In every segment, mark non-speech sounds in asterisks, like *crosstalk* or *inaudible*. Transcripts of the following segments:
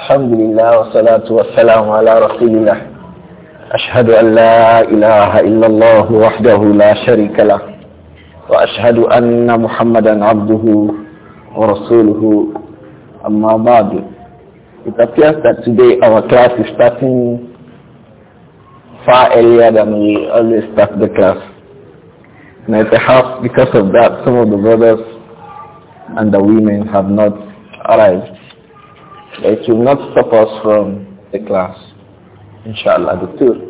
الحمد لله والصلاة والسلام على رسول الله أشهد أن لا إله إلا الله وحده لا شريك له وأشهد أن محمدا عبده ورسوله أما بعد It appears that today our class is starting far earlier than we always start the class. Now perhaps because of that some of the brothers and the women have not arrived. It will not stop us from the class, inshallah, the two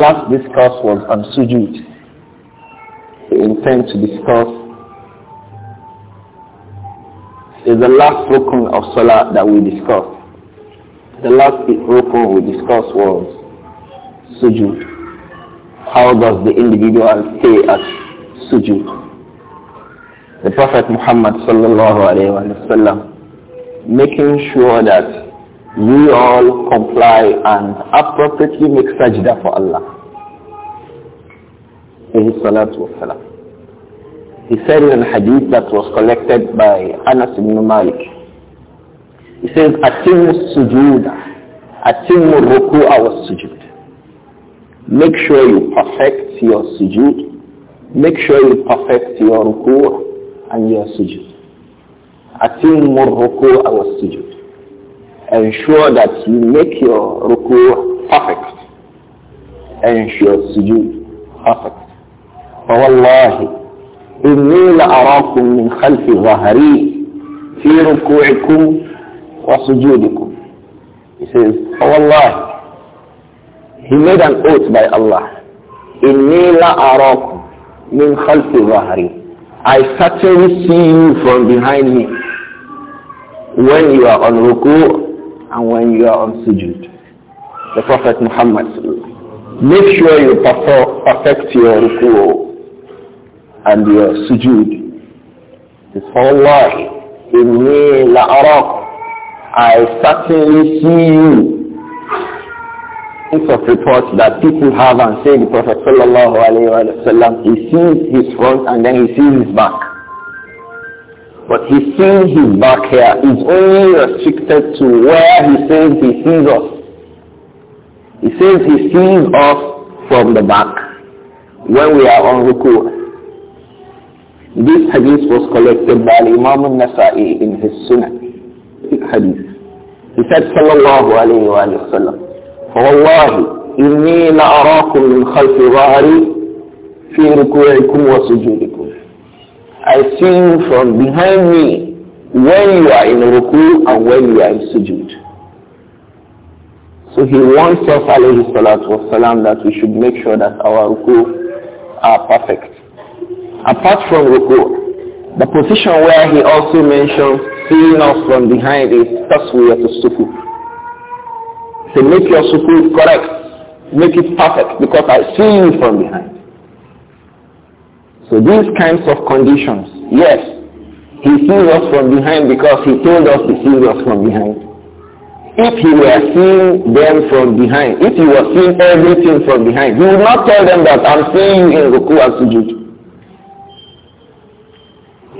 Last discuss was on sujud. We intend to discuss is the last rukun of salah that we discussed. The last rukun we discussed was sujud. How does the individual stay at sujud? the Prophet Muhammad sallallahu alayhi wa sallam, making sure that we all comply and appropriately make sajda for Allah. He said in a hadith that was collected by Anas ibn Malik. He says, Atimu sujood, Atimu ruku'a was sujud. Make sure you perfect your sujud. Make sure you perfect your ruku'a عند السجود أتم الركوع والسجود ensure that you make your ركوع perfect ensure السجود perfect فوالله إني لأراكم من خلف ظهري في ركوعكم وسجودكم he says فوالله he made an oath by Allah إني لأراكم من خلف ظهري I certainly see you from behind me when you are on ruku and when you are on sujood. The Prophet Muhammad Make sure you perfect your ruku and your sujood. It's Allah in me la I certainly see you kinds of reports that people have and say the Prophet sallallahu alayhi wa he sees his front and then he sees his back. But he seeing his back here is only restricted to where he says he sees us. He says he sees us from the back when we are on ruku'. This hadith was collected by Imam al-Nasa'i in his Sunnah. Hadith. He said sallallahu alayhi wa sallam والله إني لأراكم من خلف ظهري في ركوعكم وسجودكم I see you from behind me when you are in ruku and when you are in sujood. So he wants us alayhi salatu wasalam that we should make sure that our ruku are perfect. Apart from ruku, the position where he also mentions seeing us from behind is taswiyat al-sukuk to make your sukuk correct, make it perfect because I see you from behind. So these kinds of conditions, yes, he sees us from behind because he told us he sees us from behind. If he were seeing them from behind, if he was seeing everything from behind, he would not tell them that I'm seeing you in Ruku and Sujud.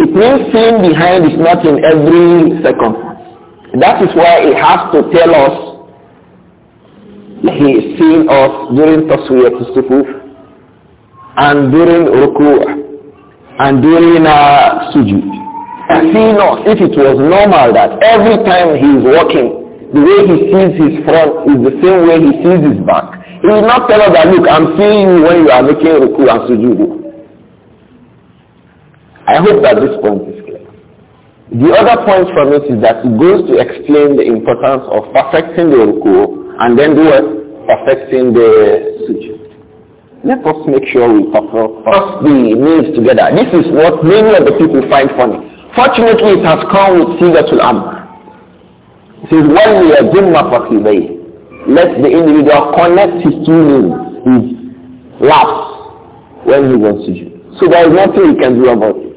It means seeing behind is not in every circumstance. That is why it has to tell us he is us during taswiyat sufuf and during ruku' and during uh, He Seeing us, if it was normal that every time he is walking, the way he sees his front is the same way he sees his back. He will not tell us that, look, I'm seeing you when you are making ruku and sujud. I hope that this point is clear. The other point from it is that it goes to explain the importance of perfecting the ruku and then do what? Perfecting the sujood. Let us make sure we perfect the knees together. This is what many of the people find funny. Fortunately, it has come with Sigatul Amr. Since when we are Jumma Fakhibay, let the individual connect his two knees, his laps, when he wants to do. So there is nothing he can do about it.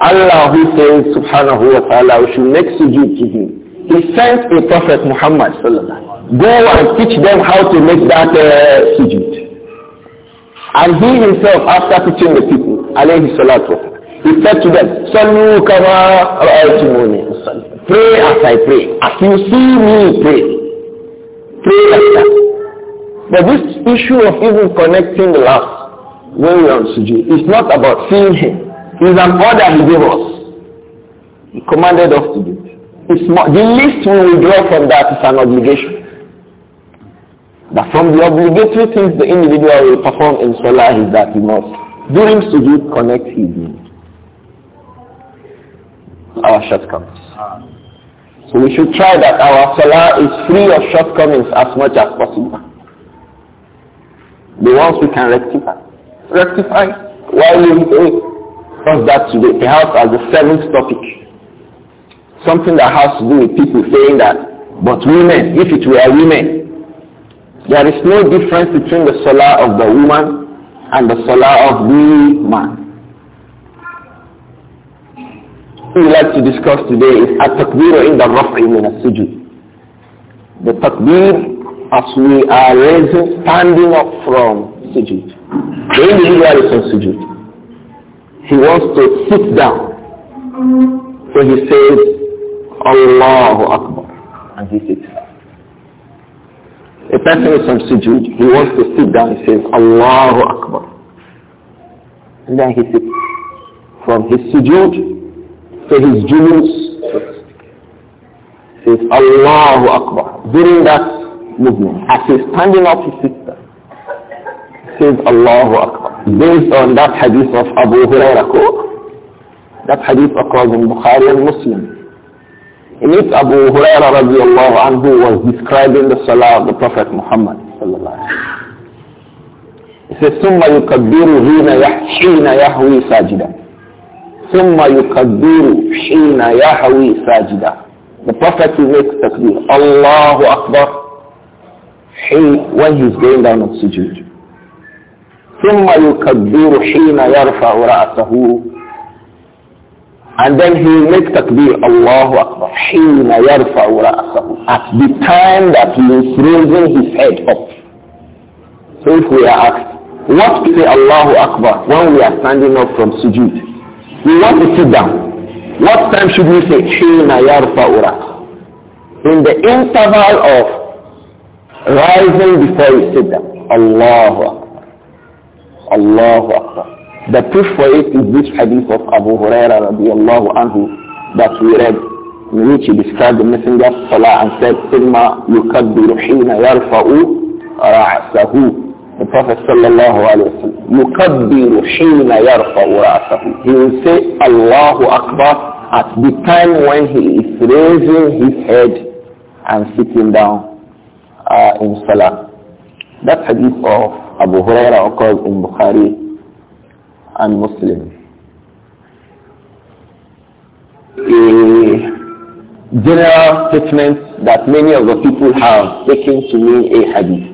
Allah who says, subhanahu wa ta'ala, we should make sujood to him. He sent a prophet Muhammad go and teach them how to make that uh, sujood. And he himself, after teaching the people, alayhi salatu, he said to them, Sallu kama ra'aytumuni Pray as I pray. As you see me pray. Pray like that. But this issue of even connecting the last when we are on sujood is not about seeing him. It's an order he gave us. He commanded us to do. It's more, the least we withdraw from that is an obligation. But from the obligatory things the individual will perform in Salah is that he must, do during sujood, connect his knees. Our shortcomings. So we should try that our Salah is free of shortcomings as much as possible. The ones we can rectify. Rectify while we do Because that today, perhaps as the seventh topic Something that has to do with people saying that, but women, if it were women, there is no difference between the salah of the woman and the salah of the man. What we like to discuss today is at-takbir in the raf'i min sujud The takbir as we are raising, standing up from sujud. The individual is on sujud. He wants to sit down. So he says, Allahu Akbar. And he sits. A person is on sujood, he wants to sit down, he says Allahu Akbar. And then he sits. From his sujood to his julus, says Allahu Akbar. During that movement, as he's standing up, he sits down. Says Allahu Akbar. Based on that hadith of Abu Hurairah, that hadith occurs in Bukhari and Muslim. In it, Abu Huraira radiallahu anhu was describing the salah of the Prophet Muhammad He says, ثُمَّ يُكَبِّرُ حِينَ يَحْوِي سَاجِدًا ثُمَّ يُكَبِّرُ حِينَ يَحْوِي سَاجِدًا The Prophet will make takbir. Allahu Akbar. When he's going down on sujood. ثُمَّ يُكَبِّرُ حِينَ يَرْفَعُ رَأْسَهُ and then he will make takbir, Allahu Akbar, hina yarfa'u ra'asahu, at the time that he is raising his head up. So if we are asked, what to say Allahu Akbar when we are standing up from sujood? We want to sit down. What time should we say, hina yarfa'u ra'asahu? In the interval of rising before you sit down, Allahu Akbar, Allahu Akbar. The proof for it is this hadith of Abu Huraira radiallahu anhu that we read in which he described the Messenger salah and said, ثُمَّ يُكَبِّرُ حِينَ يَرْفَعُ رَعْسَهُ The Prophet sallallahu alayhi wa sallam, يُكَبِّرُ حِينَ yarfa'u رَعْسَهُ He will say, Allahu Akbar at the time when he is raising his head and sitting down uh, in salah. That hadith of Abu Huraira occurs in Bukhari and Muslim. A general statement that many of the people have taken to mean a hadith.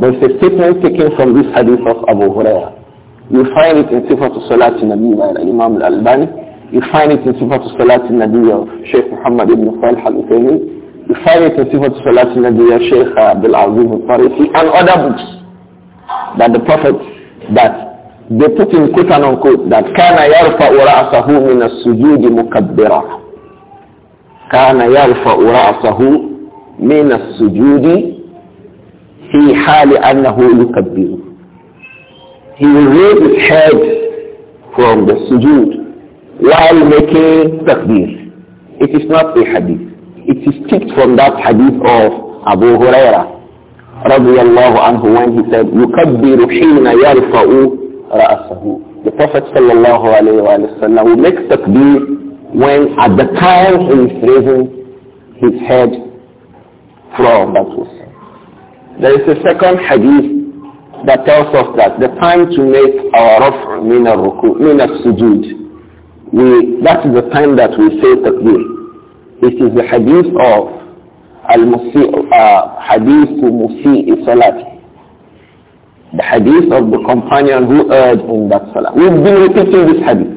But it's a statement taken from this hadith of Abu Hurairah. You find it in Sifat Salat Nabi by Imam al-Albani. You find it in Sifat Salat Nabi of Sheikh Muhammad ibn Salih al-Uthaymeen. You find it in Sifat Salat Nabi of Sheikh Abdul Aziz al-Tarifi and other books that the Prophet, that they put in quote and unquote that كان يرفع رأسه من السجود مكبرا كان يرفع رأسه من السجود في حال أنه يكبر He will raise his head from the sujood while making takbir. It is not a hadith. It is kicked from that hadith of Abu Huraira رضي الله عنه when he said يكبر حين يرفع The Prophet sallallahu alayhi wa sallam will make takbir when at the time he is raising his head from that wusa. There is a second hadith that tells us that the time to make our raf' min al-ruku' min sujud we that is the time that we say takbir. is the hadith of al-musi uh, hadith to Musi' salat the hadith of the companion who erred in that salah. We've been repeating this hadith.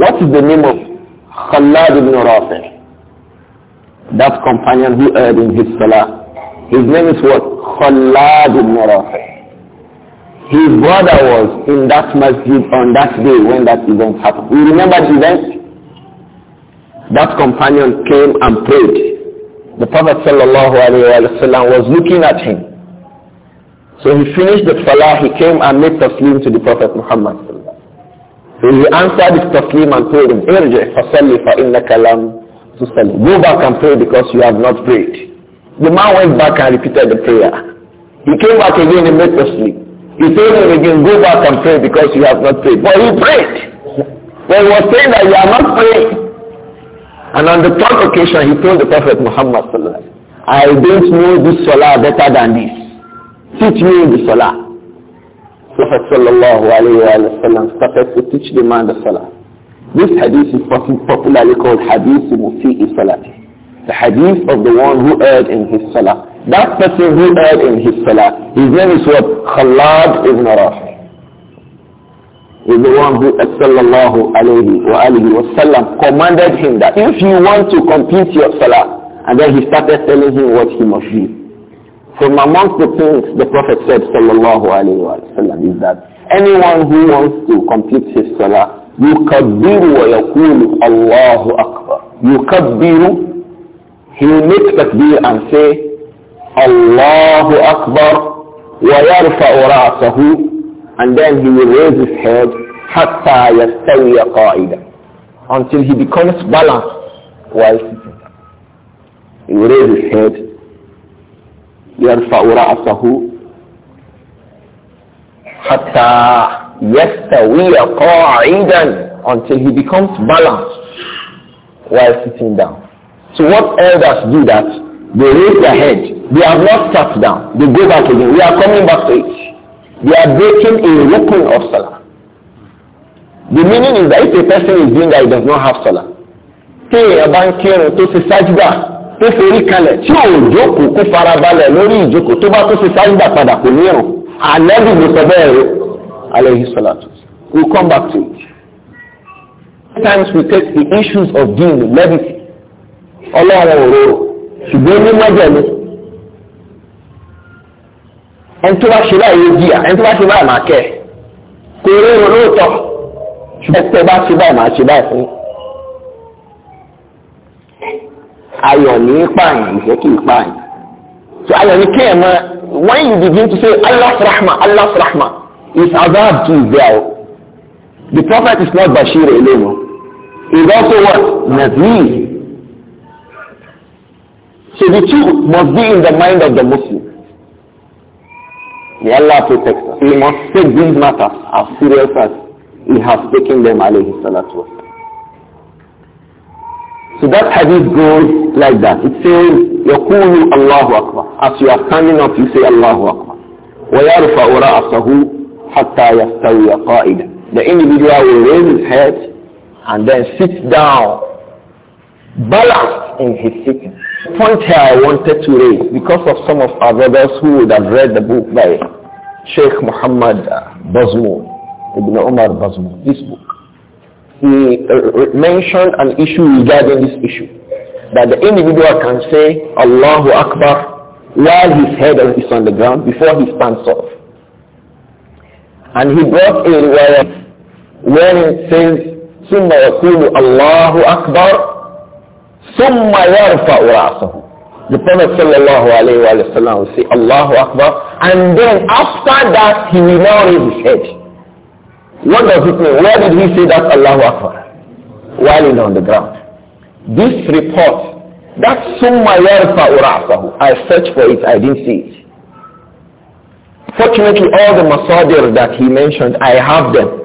What is the name of Khalad ibn Rafi? That companion who erred in his salah. His name is what? Khalad ibn Rafi. His brother was in that masjid on that day when that event happened. You remember the event? That companion came and prayed. The Prophet ﷺ was looking at him. So he finished the salah, he came and made taslim to the Prophet Muhammad. So he answered his taslim and told him, Irji fasalli inna kalam tusalli. Go back and pray because you have not prayed. The man went back and repeated the prayer. He came back again and made taslim. He told him again, go back and pray because you have not prayed. But he prayed. But he was saying that you are not praying. And on the third occasion, he told the Prophet Muhammad, I don't know this salah better than this. Teach me the salah. Prophet sallallahu alayhi wa sallam started to teach the man the salah. This hadith is popularly called hadith mufi'i salati. The hadith of the one who erred in his salah. That person who erred in his salah, his name is what? Khalad ibn Rafi. Is the one who sallallahu alayhi wa wa sallam commanded him that if you want to complete your salah, and then he started telling him what he must do. From amongst the things the Prophet said, sallallahu alayhi wa sallam, is that anyone who wants to complete his salah, يُكَبِّرُ وَيَقُولُ Allahu Akbar. يُكَبِّرُ He will make takbir and say, Allahu Akbar, وَيَرْفَعُ رَأْسَهُ And then he will raise his head, حَتَّى يَسْتَوِيَ قَائِدًا Until he becomes balanced while sitting. He will raise his head يرفع رأسه حتى يستوي قاعدا until he becomes balanced while sitting down. So what elders do that? They raise their head. They have not sat down. They go back again. We are coming back to it. They are breaking a rukun of salah. The meaning is that if a person is doing that, he does not have salah. Tí èèyàn bá ń tó ṣe sájúdà tó forí kalẹ̀ tí ò jókòó kó farabalẹ̀ lórí ìjókòó tó bá tó ṣe sáyidà padà kò ní ẹ̀rùn ànábì ló sọ bẹ́ẹ̀ rẹ̀ alayhi we come back to it sometimes we take the issues of deen levity ọlọ́run òróró ṣùgbọ́n ní mọ́jẹ̀lú ẹni tó bá ṣe báyìí jìyà ẹni tó bá ṣe báyìí máa kẹ́ kò rí ronú tọ́ ṣùgbọ́n ẹni tó bá ṣe báyìí máa ṣe báyìí fún yín. ayọ̀ ní pààyàn ìfẹ́ kì í pààyàn so ayọ̀ ní mọ́ when you begin to say Allah rahma Allah rahma is azab to israel the prophet is not bashir alone he is also what nazir so the two must be in the mind of the muslim may allah protect us he must take these matters as serious as he has taken them alayhi salatu so that hadith goes like that. It says, يقول الله أكبر. As you are standing up, you say الله أكبر. ويرفع رأسه حتى يستوي قائدا. The individual will raise his head and then sit down, balanced in his sitting. The point here I wanted to raise, because of some of our brothers who would have read the book by Sheikh Muhammad Bazmoon, Ibn Umar Bazmoon, this book he uh, mentioned an issue regarding this issue. That the individual can say Allahu Akbar while his head is on the ground before he stands up. And he brought a riwayah where it says, ثم يقول الله Akbar, ثم Yarfa رأسه the Prophet sallallahu alayhi wa sallam will say Allahu Akbar and then after that he will now raise his head what does it mean? Where did he say that Allahu Akbar? While on the ground. This report, that summa yarfa'u ra'sahu, I searched for it, I didn't see it. Fortunately, all the masadir that he mentioned, I have them.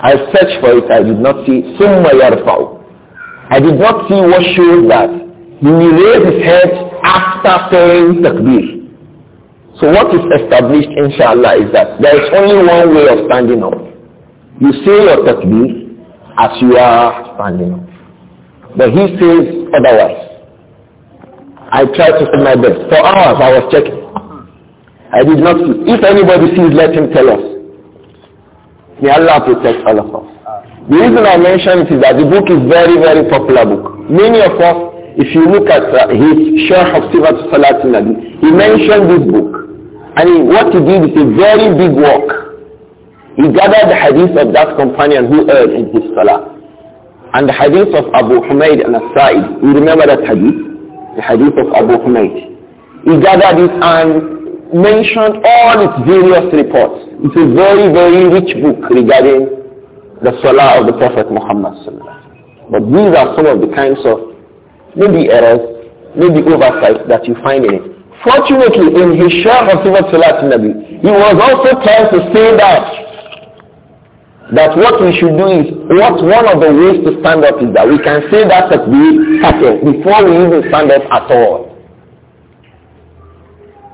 I searched for it, I did not see summa yarfa'u. I did not see what showed that. He raised his head after saying takbir. So what is established, inshallah, is that there is only one way of standing up. You say your takbir as you are standing up. But he says otherwise. I tried to do my best. For hours I was checking. I did not see. If anybody sees, let him tell us. May Allah protect all of us. The reason I mention it is that the book is very, very popular book. Many of us, if you look at uh, his share of Sivat Salat he mentioned this book. I mean, what he did is a very big work. He gathered the hadith of that companion who erred in his salah. And the hadith of Abu Humaid and Asa'id. You remember that hadith? The hadith of Abu Humaid. He gathered it and mentioned all its various reports. It's a very, very rich book regarding the salah of the Prophet Muhammad But these are some of the kinds of maybe errors, maybe oversights that you find in it. Fortunately, in his share of he was also trying to say that that what we should do is what one of the ways to stand up is that we can say that at the tackle before we even stand up at all.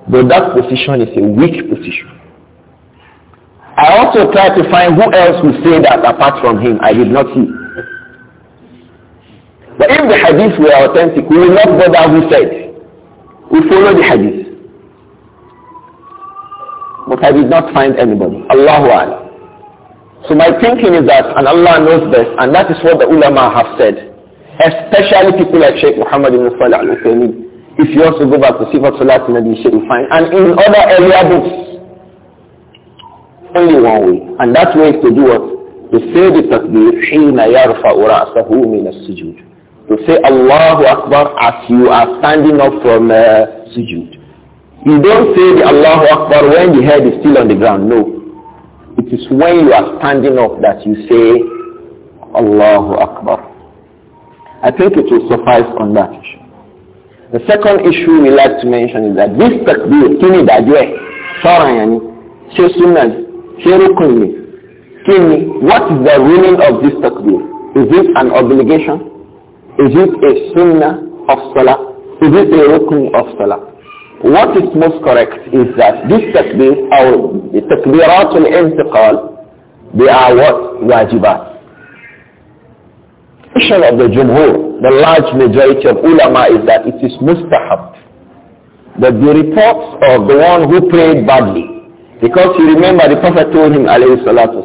But that position is a weak position. I also tried to find who else would say that apart from him. I did not see. But if the hadith were authentic, we will not bother who said. We follow the hadith. But I did not find anybody. Allahu Akbar. So my thinking is that, and Allah knows best, and that is what the ulama have said, especially people like Sheikh Muhammad ibn Salih al If you also go back to Sifat Salat Nabi, Sheikh will find, and in other earlier books, only one way, and that way is to do what? To say the takbir, حين يرفع رأسه من السجود to say Allahu Akbar as you are standing up from uh, sujood. You don't say the Allahu Akbar when the head is still on the ground. No. It is when you are standing up that you say Allahu Akbar. I think it will suffice on that issue. The second issue we like to mention is that this takbir, kini dajwe, sara yani, she sunnah, she rukun kini, what is the meaning of this takbir? Is it an obligation? Is it a sunnah of salah? Is it a rukun of salah? What is most correct is that this takbir or the takbirat al-intiqal, they are what? Wajibat. Position of the jumhur, the large majority of ulama is that it is mustahab. That the reports of the one who prayed badly, because you remember the Prophet told him, alayhi salatu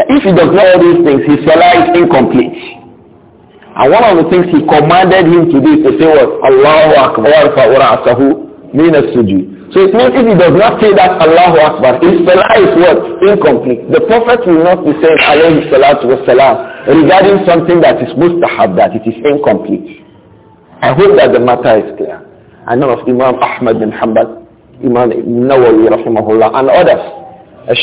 that if he does not all these things, his salah is incomplete. And one of the things he commanded him to do is to say what? Allahu Akbar fa'ura'asahu min as-sujud. So it means if he does not say that Allahu Akbar, his salah is what? Incomplete. The Prophet will not be saying alayhi salatu wasalam regarding something that is mustahab, that it is incomplete. I hope that the matter is clear. I know of Imam Ahmad bin Hanbal, Imam Ibn Nawawi rahimahullah and others.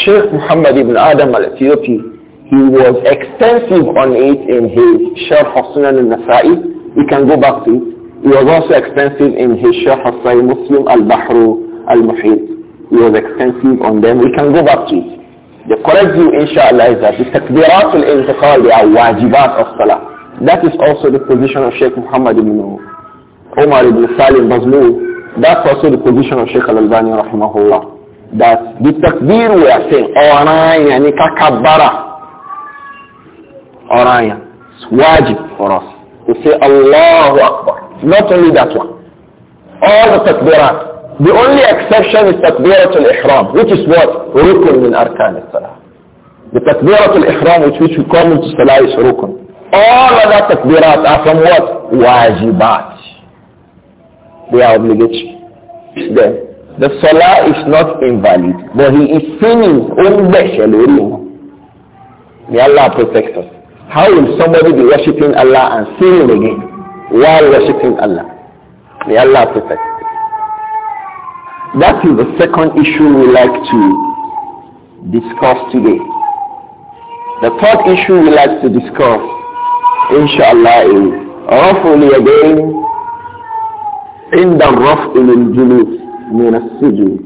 Sheikh Muhammad ibn Adam al-Ethiopi he was extensive on it in his Sharh Sunan al-Nasa'i. We can go back to it. He was also extensive in his Sharh al-Sahih Muslim al-Bahru al-Muhit. He was extensive on them. We can go back to it. The correct view, inshallah, is that the takbirat al-intiqal, they are wajibat of salah. That is also the position of Sheikh Muhammad ibn Umar ibn Salim Bazlu. That's also the position of Sheikh al-Albani rahimahullah. That the takbir we are saying, oh, yani kakabbara, Oraya. It's wajib for us We say Allahu Akbar. Not only that one. All the takbirat. The only exception is takbirat al-ihram, which is what? Rukun min arkan al-salah. The takbirat al-ihram which which we come into salah is rukun. All that takbirat are from what? Wajibat. They are obligatory. Then, the salah is not invalid, but he is sinning. May Allah protect us. How will somebody be worshipping Allah and sinning again while worshipping Allah? May Allah protect. That is the second issue we like to discuss today. The third issue we like to discuss, inshallah, is رفل again عند الرفع للجلوس من السجود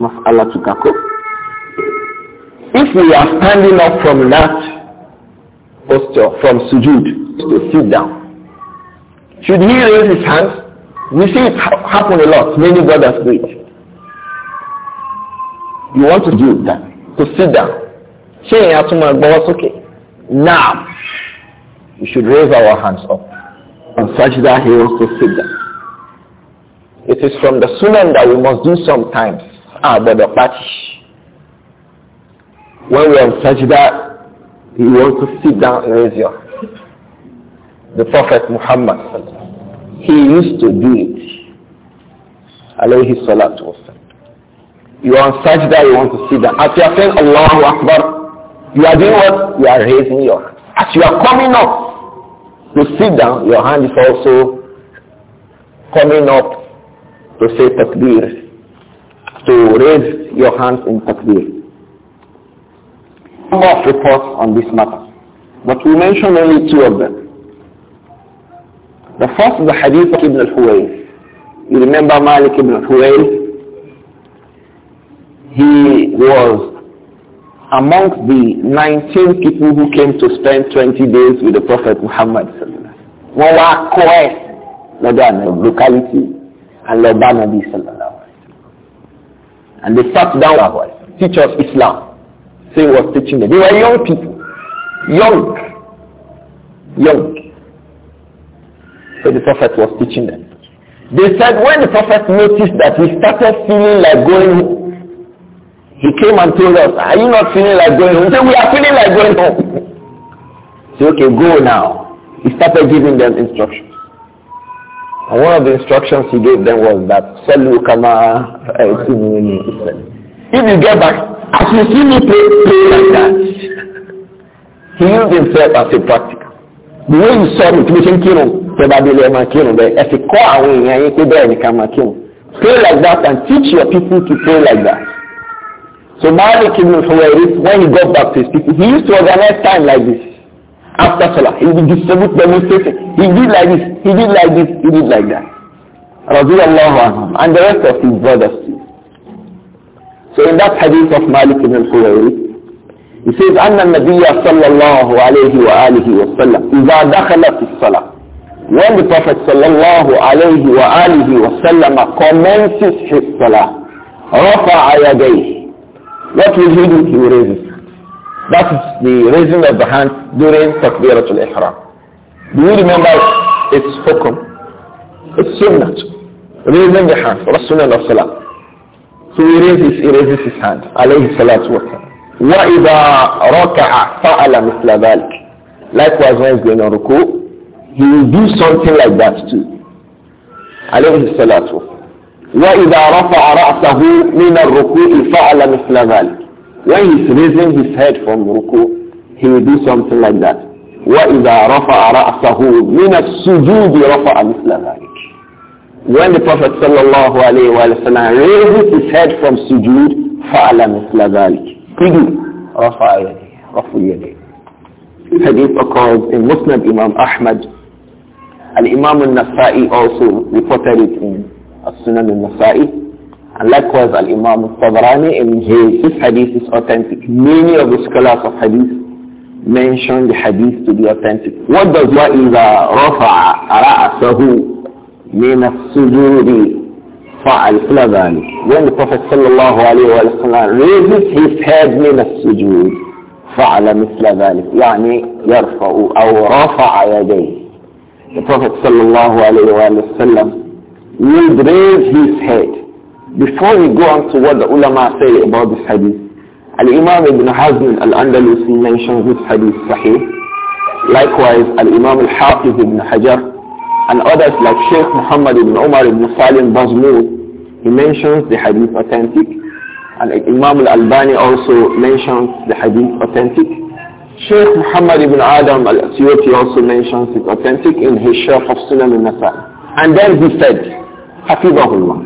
مسألة ككو If we are standing up from that posture from sujud to sit down. Should he raise his hands? We see it happen a lot. Many brothers do it. You want to do that, to sit down. Ṣé ìyá tún máa gbọ́wọ́ okay. Now, we should raise our hands up and such that he wants to sit down. It is from the sunnah that we must do sometimes. Ah, but the patch. When we are in sajda, you want to sit down and raise your The Prophet Muhammad, he used to do it. Alayhi salatu wasalam. You are on sajda, you want to sit down. As you are saying Allahu Akbar, you are doing what? You are raising your hand. As you are coming up to sit down, your hand is also coming up to say takbir, to raise your hands in takbir number of reports on this matter, but we mention only two of them. The first is the hadith of Ibn al-Huwayl. You remember Malik Ibn al-Huwayl? He was among the 19 people who came to spend 20 days with the Prophet Muhammad. Wọ́n wá kọ́ ẹ̀ lọ́dọ̀ a locality and lọ́dọ̀ sallallahu And they sat down with teach us Islam. Say was teaching them. They were young people. Young. Young. So the Prophet was teaching them. They said when the Prophet noticed that he started feeling like going home, he came and told us, are you not feeling like going home? He said, we are feeling like going home. So okay, go now. He started giving them instructions. And one of the instructions he gave them was that, If you get back As you see me pray, pray like that. He used himself as a practical. The way you saw me, kí ló ṣe ń kírun, tẹ bá délé ẹ máa kírun bẹ́ẹ̀, ẹ sì kọ́ àwọn èèyàn yín pé bẹ́ẹ̀ Pray like that and teach your people to pray like that. So Malik ibn Huwairis, when he got back to his people, he used to organize time like this. After Salah, he would distribute demonstration. He did like this, he did like this, he did like that. Radiallahu anhum, and the rest of his brothers too. So in that hadith of Malik ibn al Huwairi, he says, أن النبي صلى الله عليه وآله وسلم إذا دخلت الصلاة When the Prophet صلى الله عليه وآله وسلم commences his صلاة رفع يديه What will he do? He will raise his That is the raising of the hand during تكبيرة الإحرام. Do you remember its hukum? It's sunnah. Raising the hand for the sunnah of salah. So he raises, he raises his hand. Alayhi salatu wa sallam. وَإِذَا رَكَعَ فَعَلَ مِثْلَ ذَلك. Likewise, when he's going on ruku, he will do something like that too. Alayhi salatu wa sallam. وَإِذَا رَفَعَ رَأْسَهُ مِنَ الرُّكُوءِ فَعَلَ مِثْلَ ذَلك. When he's raising his head from ruku, he will do something like that. وَإِذَا رَفَعَ رَأْسَهُ مِنَ السُّجُودِ رَفَعَ مِثْلَ ذَلك when the Prophet sallallahu alayhi wa raises his head from sujood, faala مِثْلَ ذَلِكَ Pidu, رَفَعَ يَدِهِ رَفُ Hadith occurs in Muslim Imam Ahmad. and imam al-Nasai also reported it in As-Sunan al-Nasai. And likewise Al-Imam al-Tabarani in his, this hadith is authentic. Many of the scholars of hadith mention the hadith to be authentic. What does wa rafa'a ra'asahu من السجود فعل إلى ذلك when the Prophet صلى الله عليه وسلم raises his head من السجود فعل مثل ذلك يعني يرفع أو رفع يديه the Prophet صلى الله عليه وسلم would raise his head before we go on to what the ulama say about this hadith Al-Imam Ibn Hazm Al-Andalusi mentions this hadith sahih likewise Al-Imam Al-Hafiz Ibn Hajar and others like Sheikh Muhammad ibn Umar ibn Salim Bazmou, he mentions the hadith authentic. And Imam al-Albani also mentions the hadith authentic. Sheikh Muhammad ibn Adam al-Asyuti also mentions it authentic in his Sharh of Sunan al-Nasai. And then he said, Hafidahullah.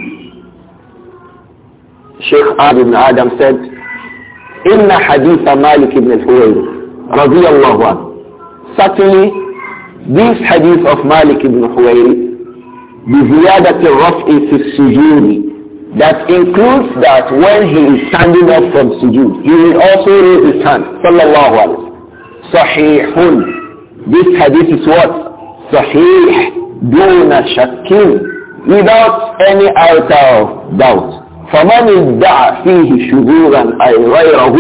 Sheikh Ad ibn Adam said, إن حديث مالك بن الحويرث رضي الله عنه certainly this hadith of Malik ibn Huwairi, بزيادة الرفع في السجود that includes that when he is standing up from sujood, he will also raise his hand. Sallallahu alayhi Sahihun. This hadith is what? Sahih دون shakkin. Without any iota of doubt. فَمَنْ ادَّعَ فِيهِ شُذُورًا أَيْ غَيْرَهُ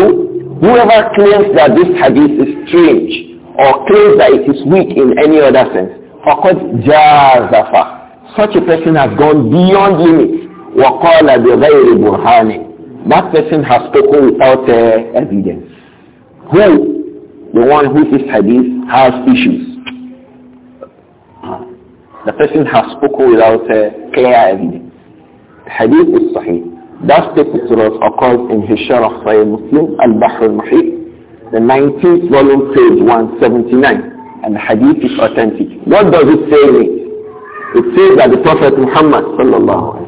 Whoever claims that this hadith is strange, or claims that it is weak in any other sense, فَقَدْ Jazafa, Such a person has gone beyond limit. وَقَالَ بِغَيْرِ burhani That person has spoken without uh, evidence. Who? The one who is hadith has issues. The person has spoken without uh, clear evidence. Hadith is sahih. That statement was us in his Sharaf Sahih Muslim, Al-Bahr al the 19th volume, page 179. And the hadith is authentic. What does it say? It says that the Prophet Muhammad sallallahu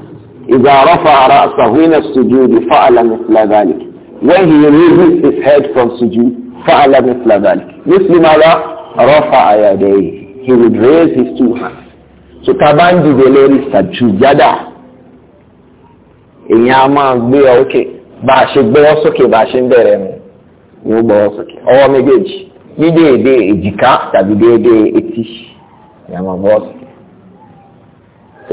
إذا رفع رأسه من السجود فعل مثل ذلك. When he raises his head from sujood, فعل مثل ذلك. مثل ماذا؟ رفع يديه. He would raise his two hands. So taban dìgbòlórí sàjùjádà. Èèyàn a máa gbé ọ òkè. Bá a ṣe gbé wọ́n gbọ́ sókè ọwọ́ méjèèjì ní déédéé èjìká tàbí déédéé etí ni a máa gbọ́ sókè.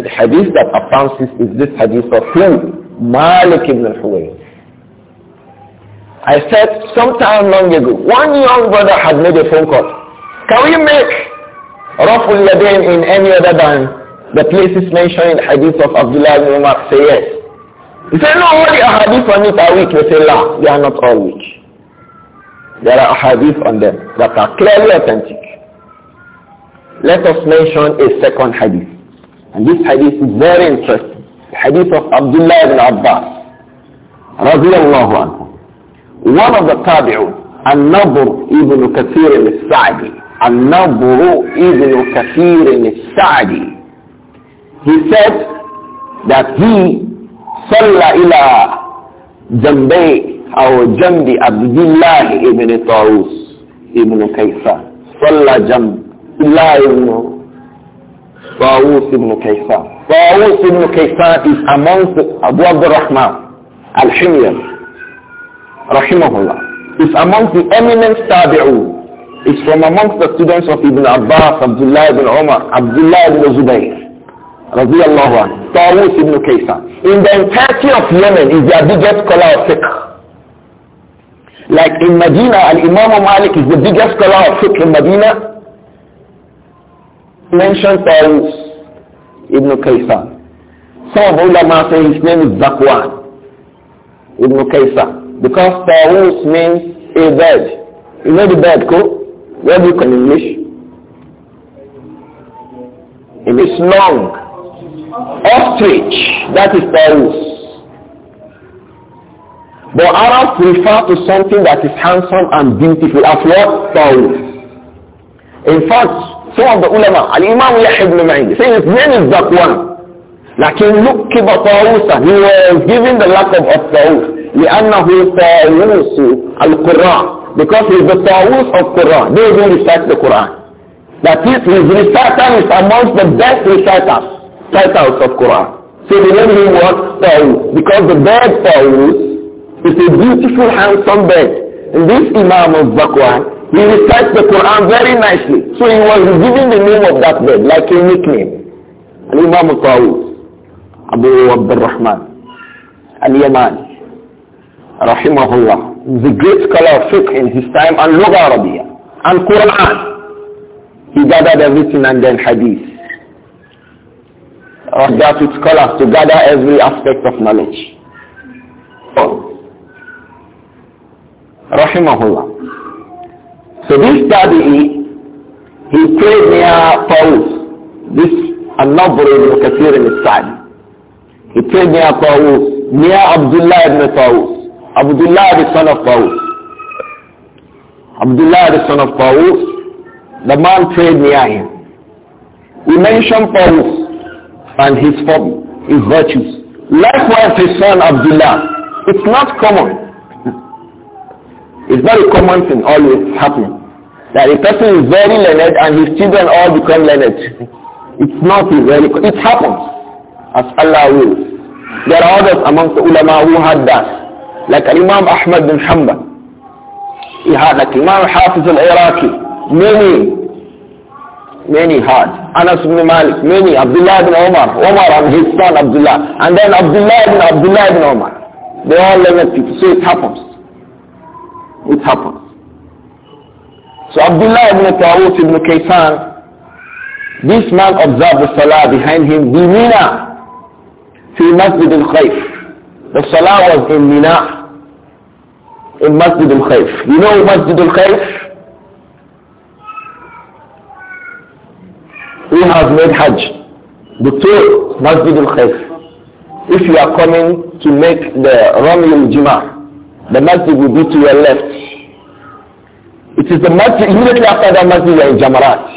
the hadith that affirms is this hadith of him, Malik ibn al I said some time long ago, one young brother had made a phone call. Can we make ruffle Yadain in any other than the places mentioned in the hadith of Abdullah ibn Umar? Say yes. He said, no, all the hadith on it are weak. We say, la, they are not all weak. There are hadith on them that are clearly authentic. Let us mention a second hadith. And this hadith is very interesting. The hadith of Abdullah ibn Abbas. Radiallahu anhu. One of the tabi'un, النضر ابن كثير السعدي النضر ابن كثير sadi He said that he صلى إلى جنبي أو جنب عبد الله ابن طاووس ابن كيسان صلى جنب الله ابن طاووس ابن كيسان طاووس ابن كيسان is amongst Abu Abd al-Rahman al-Himyar rahimahullah is amongst the eminent tabi'un is from amongst the students of Ibn Abbas, Abdullah ibn Umar, Abdullah ibn Zubayr radiyallahu anhu, Tawus ibn Kaysan. In the entirety of Yemen is the biggest scholar of fiqh. Like in Medina, and Imam Malik is the biggest scholar of fiqh in Medina. Mentioned as Ibn Kaysan. Some of ulama say his name is Zakwan. Ibn Kaysan. Because Tawus means a bird. You know the bird cool? What do you call English? It is long. Ostrich. That is Tawus. But Arabs refer to something that is handsome and beautiful as what? Tawus. In fact, some of the ulama, Al-Imam Yahya ibn Ma'in, say his name is Zakwan. لكن لقب طاووسا he was given the laqab of طاووس لأنه طاووس القراء because he is the طاووس of Quran they do recite the Quran that is his recital is amongst the best reciters recitals of Quran so they name him was طاووس because the word طاووس it's a beautiful, handsome bed. And this Imam of Bakwan, he recites the Quran very nicely. So he was given the name of that bed, like a nickname. Al Imam of Tawus, Abu Abdul Rahman, Al Yaman, Rahimahullah, the great scholar of fiqh in his time, and Lugha Arabiya, and Quran. He gathered everything and then hadith. Or with scholars to gather every aspect of knowledge. Rahimahullah. So this study, he prayed near Taus, this An-Nabr ibn Kathir his time. He prayed near Taus, near Abdullah ibn Taus. Abdullah the son of Taus. Abdullah the son of Taus, the man prayed near him. We mentioned Taus and his form, his virtues. Likewise his son Abdullah. It's not common it's very common thing always happening. That a person is very learned and his children all become learned. It's not very, it happens as Allah wills. There are others amongst the ulama who had that. Like Imam Ahmad bin Hanbal. He had like Imam Hafiz al-Iraqi. Many many had. Anas ibn Malik, many, Abdullah ibn Omar, Omar and his son Abdullah, and then Abdullah ibn Abdullah ibn Omar. They all learned people, so it happens. It happens. So Abdullah ibn Tawus ibn Kaysan, this man observed the salah behind him, the Mina, fi Masjid al-Khayf. The salah was in Mina, in Masjid al-Khayf. You know Masjid al-Khayf? We have made Hajj, the tour, Masjid al-Khayf. If you are coming to make the Ramil Jum'ah, the masjid will be to your left. It is the masjid, immediately after that masjid you are in Jamarat.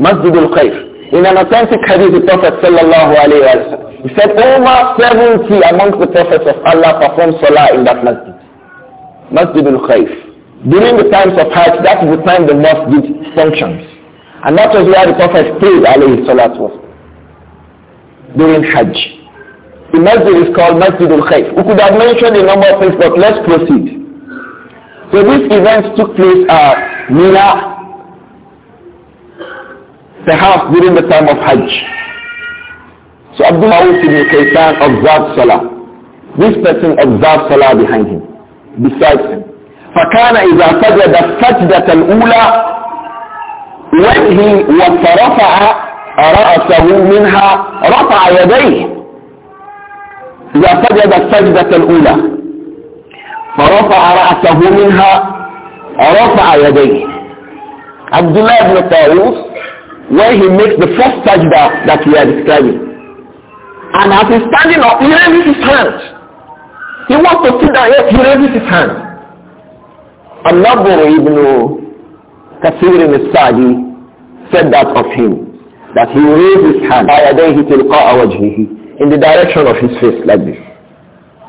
Masjid al-Khair. In an authentic hadith, the Prophet sallallahu alayhi wa sallam, he said over 70 amongst the prophets of Allah performed salah in that masjid. Masjid al-Khair. During the times of Hajj, that is the time the masjid functions. And that was where the Prophet prayed alayhi salatu during Hajj. The masjid is called Masjid al-Khayf. We could have mentioned a number of things, but let's proceed. So this event took place at Mina, perhaps during the time of Hajj. So Abdullah ibn Kaysan observed Salah. This person observed Salah behind him, besides him. فكان إذا سجد السجدة الأولى when وترفع رأسه منها رفع يديه إذا سجد السجدة الأولى فرفع رأسه منها رفع يديه Abdullah ibn طاووس when he makes the first sajda that we are describing and as he's standing up he raises his hands he wants to sit down yet he raises his hands another ibn Kathir al-Sadi said that of him that he raised his hand by in the direction of his face like this.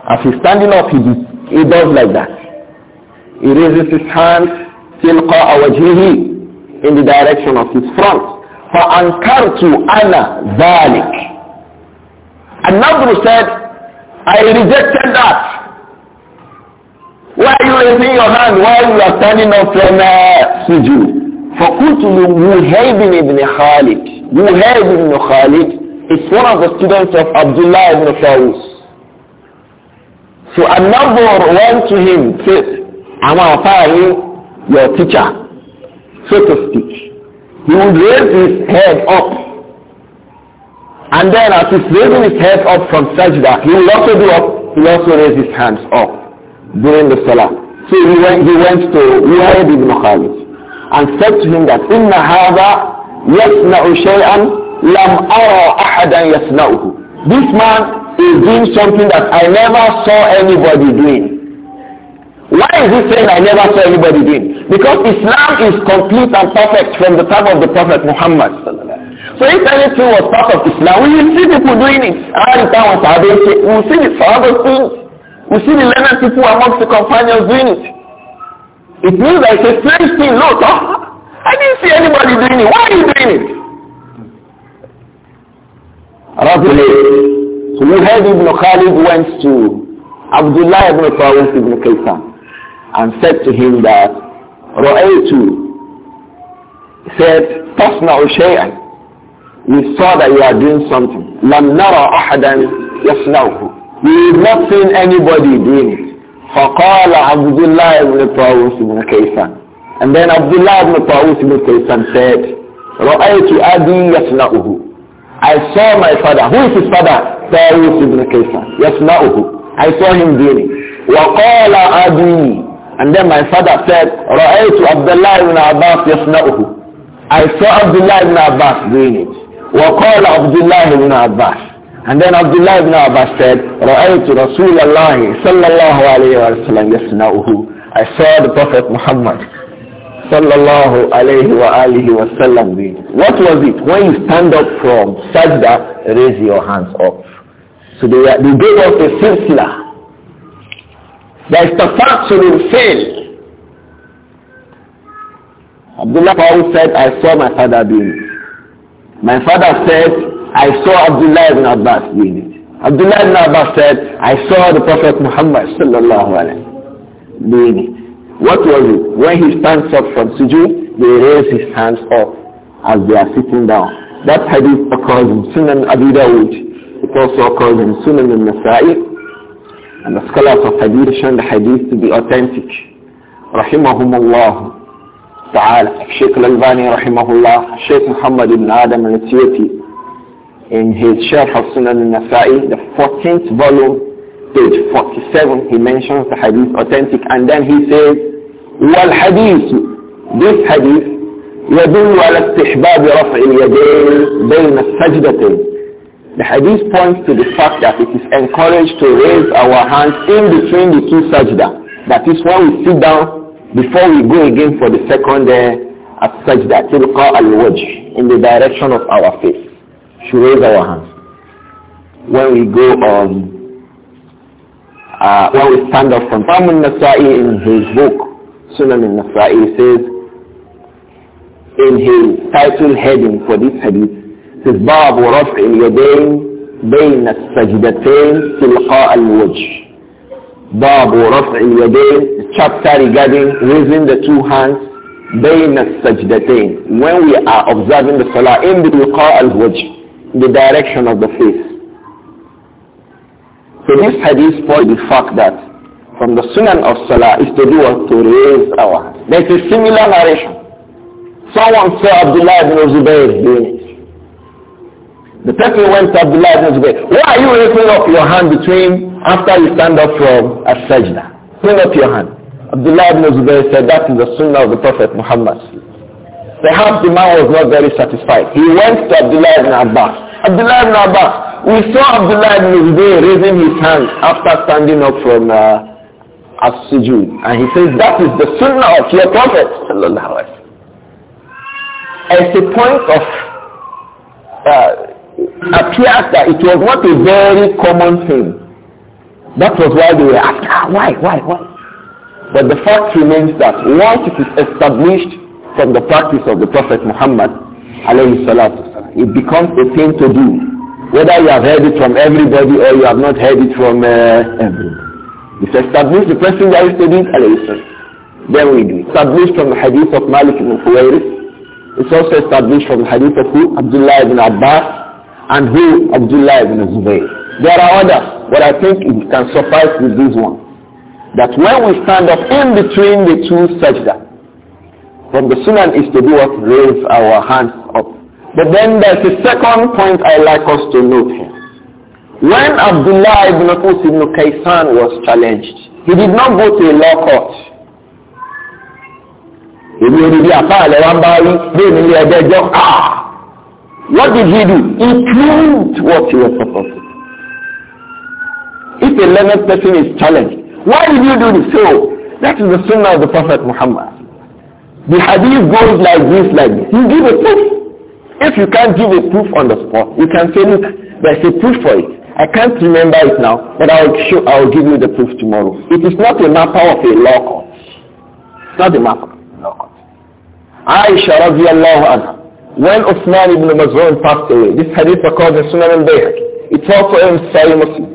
As he's standing up, he, he does like that. He raises his hands, تلقى وجهه in the direction of his front. فأنكرت أنا ذلك. And Nabru said, I rejected that. Why are you raising your hand while you are standing up from uh, sujood? فقلت لمهيب al خالد مهيب al خالد it's one of the students of Abdullah ibn Shawus. So another went to him, said, I want to fire you, your teacher, so to speak. He would raise his head up. And then as he's raising his head up from sajda, he will also do up, he will also raise his hands up during the salah. So he went, he went to Wahid ibn Khalid and said to him that, إِنَّ هَذَا يَسْنَعُ شَيْئًا lam ara ahadan yasna'uhu. This man is doing something that I never saw anybody doing. Why is he saying I never saw anybody doing? Because Islam is complete and perfect from the time of the Prophet Muhammad. So if anything was part of Islam, we will see people doing it. All the time we will see the Sahabas doing We see the learned people amongst the companions doing it. It means that it's a strange thing. Look, I didn't see anybody doing it. Why are you doing it? Rabi'i. So Muhammad ibn Khalid went to Abdullah ibn Tawus ibn Kaysan and said to him that Ra'aytu said Tasna'u shay'an We saw that you are doing something. لم نرى أحدا يصنعه We have not seen anybody doing it. فقال عبد الله بن طاووس بن And then Abdullah ibn Tawus ibn Kaysan said, رأيت أبي يصنعه I saw my father. Who is his father? Tawus ibn Yes, Yasma'uhu. I saw him doing it. وَقَالَ أَبِي And then my father said, رَأَيْتُ Abdullah ibn Abbas يَسْمَعُهُ I saw Abdullah ibn Abbas doing it. وَقَالَ Abdullah ibn Abbas and then Abdullah ibn Abbas said, رَأَيْتُ رَسُولَ اللَّهِ صَلَّى اللَّهُ عَلَيْهِ وَسَلَّمْ يَسْنَعُهُ I saw the Prophet Muhammad sallallahu alayhi wa alihi wa sallam What was it? When you stand up from sajda, raise your hands up. So they, they gave us a silsila. There is the fact will fail. Abdullah Paul said, I saw my father doing it. My father said, I saw Abdullah ibn Abbas doing it. Abdullah ibn Abbas said, I saw the Prophet Muhammad sallallahu alayhi doing it. What was it? When he stands up from sujood, they raise his hands up as they are sitting down. That hadith occurs in Sunan Abu Dawud. It also occurs in Sunan al-Nasa'i. And the scholars of hadith show the hadith to be authentic. Rahimahumullah ta'ala. Sheikh al-Albani rahimahullah. Sheikh Muhammad ibn Adam al-Ethiopi. In his Sharh of Sunan al-Nasa'i, the 14th volume page 47, he mentions the hadith authentic, and then he says, وَالْحَدِيثُ This hadith يَدُلُّ عَلَى اسْتِحْبَابِ رَفْعِ الْيَدَيْنِ بَيْنَ السَّجْدَتَيْنِ the hadith points to the fact that it is encouraged to raise our hands in between the two sajda. That is when we sit down before we go again for the second uh, at sajda, tilqa al-wajh, in the direction of our face. We raise our hands. When we go on uh, when we stand up from Imam nasai in his book, Sunan al-Nasa'i says, in his title heading for this hadith, says, "Bab رفع اليدين بين السجدتين تلقاء الوجه. باب رفع اليدين, chapter regarding raising the two hands بين السجدتين. When we are observing the salah in the تلقاء الوجه, the direction of the face. So this hadith point the fact that from the sunan of salah is to do what? To raise our hands. There's a similar narration. Someone saw Abdullah ibn Zubayr doing it. The person went to Abdullah ibn Zubayr. Why are you raising up your hand between after you stand up from a sajda? Bring up your hand. Abdullah ibn Zubayr said that is the sunnah of the Prophet Muhammad. Perhaps the man was not very satisfied. He went to Abdullah ibn Abbas. Abdullah ibn Abbas, we saw Abdullah ibn Zubayr raising his hand after standing up from uh, as-sujud. And he says that is the sunnah of your Prophet As a point of uh, appears that it was not a very common thing. That was why they were asked, ah, why, why, why? But the fact remains that once it is established from the practice of the Prophet Muhammad, alayhi salatu, it becomes a thing to do. Whether you have heard it from everybody or you have not heard it from uh, everyone. It's established, the person that is studied, then we do. Established from the hadith of Malik ibn Khuwairis. It's also established from the hadith of who? Abdullah ibn Abbas and who? Abdullah ibn Zubayr. There are others, but I think it can suffice with this one. That when we stand up in between the two sajda, from the sunnah is to do what? Raise our hands up but then there's a second point I'd like us to note here. When Abdullah ibn Qus ibn Kaysan was challenged, he did not go to a law court. Ah! What did he do? He proved what he was supposed to do. If a learned person is challenged, why did you do this? So, that is the sunnah of the Prophet Muhammad. The hadith goes like this, like this. You a proof. If you can't give a proof on the spot, you can say, look, there's a proof for it. I can't remember it now, but I'll show, I'll give you the proof tomorrow. It is not a matter of a law court. It's not a matter of a law court. Aisha radiallahu anha, when Uthman ibn Mazun passed away, this hadith occurs in Sunan al-Bayhaqi. It's also in Sahih Muslim.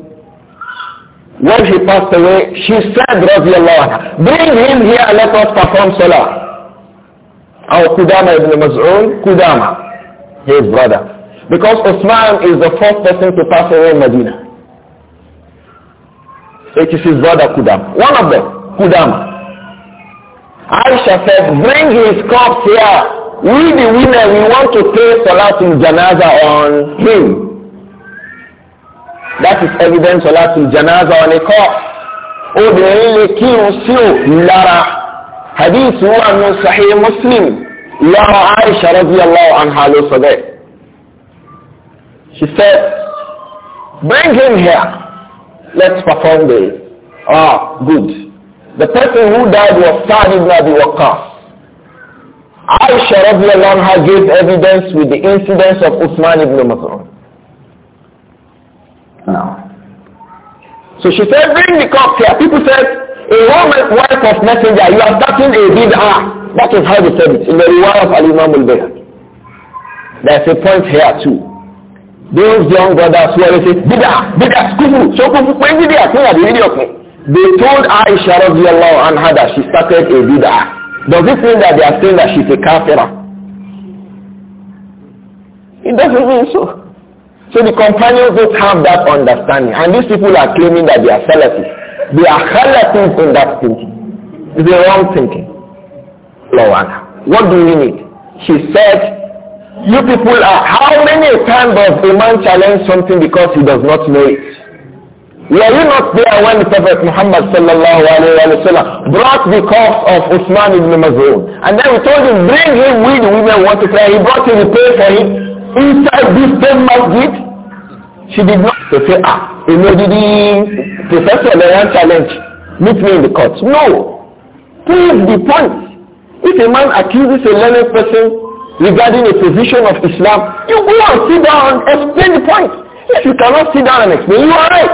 When he passed away, she said, radiallahu anha, bring him here, and let us perform salah. Our Qudama ibn Maz'un, Qudama. his brother. Because Osman is the first person to pass away in Medina. It is his brother Kudam. One of them, Kudam. Aisha said, bring his corpse here. We the women, we want to pray in Janaza on him. That is evidence in Janaza on a corpse. obìnrin lè kírun sí ò lára hadith wà ní sahih muslim Ya Aisha radiallahu anha she said, bring him here. Let's perform the, ah, good. The person who died was Sa'd ibn Abi Waqqas. Aisha radiallahu anha gave evidence with the incidents of Uthman ibn Mas'ud. No. so she said, bring the corpse here. People said, a woman, wife of messenger, you are starting a bid'ah. That is how they said it in the riwayah of Al-Imam al-Bayhaqi. There's a point here too. Those young brothers who are saying, Bida, Bida, Skubu, Shokubu, when did they are the video of me? They told Aisha radiallahu anha that she started a Bida. Does this mean that they are saying that she's a kafira? It doesn't mean so. So the companions don't have that understanding. And these people are claiming that they are Salafis. They are Khalafis in that thinking. It's the wrong thinking. What do you need? She said, you people are, how many times does a man challenge something because he does not know it? Were you not there when the Prophet Muhammad sallallahu alayhi wa sallam brought the corpse of Usman ibn Mazun? And then we told him, bring him with the women want to cry. He brought him, we paid for him. Inside this same masjid, she did not say, ah, you know, the professor, the one challenge, meet me in the court. No. Prove the point. If a man accuses a learned person regarding a position of Islam, you go and sit down and explain the point. If you cannot sit down and explain, you are right.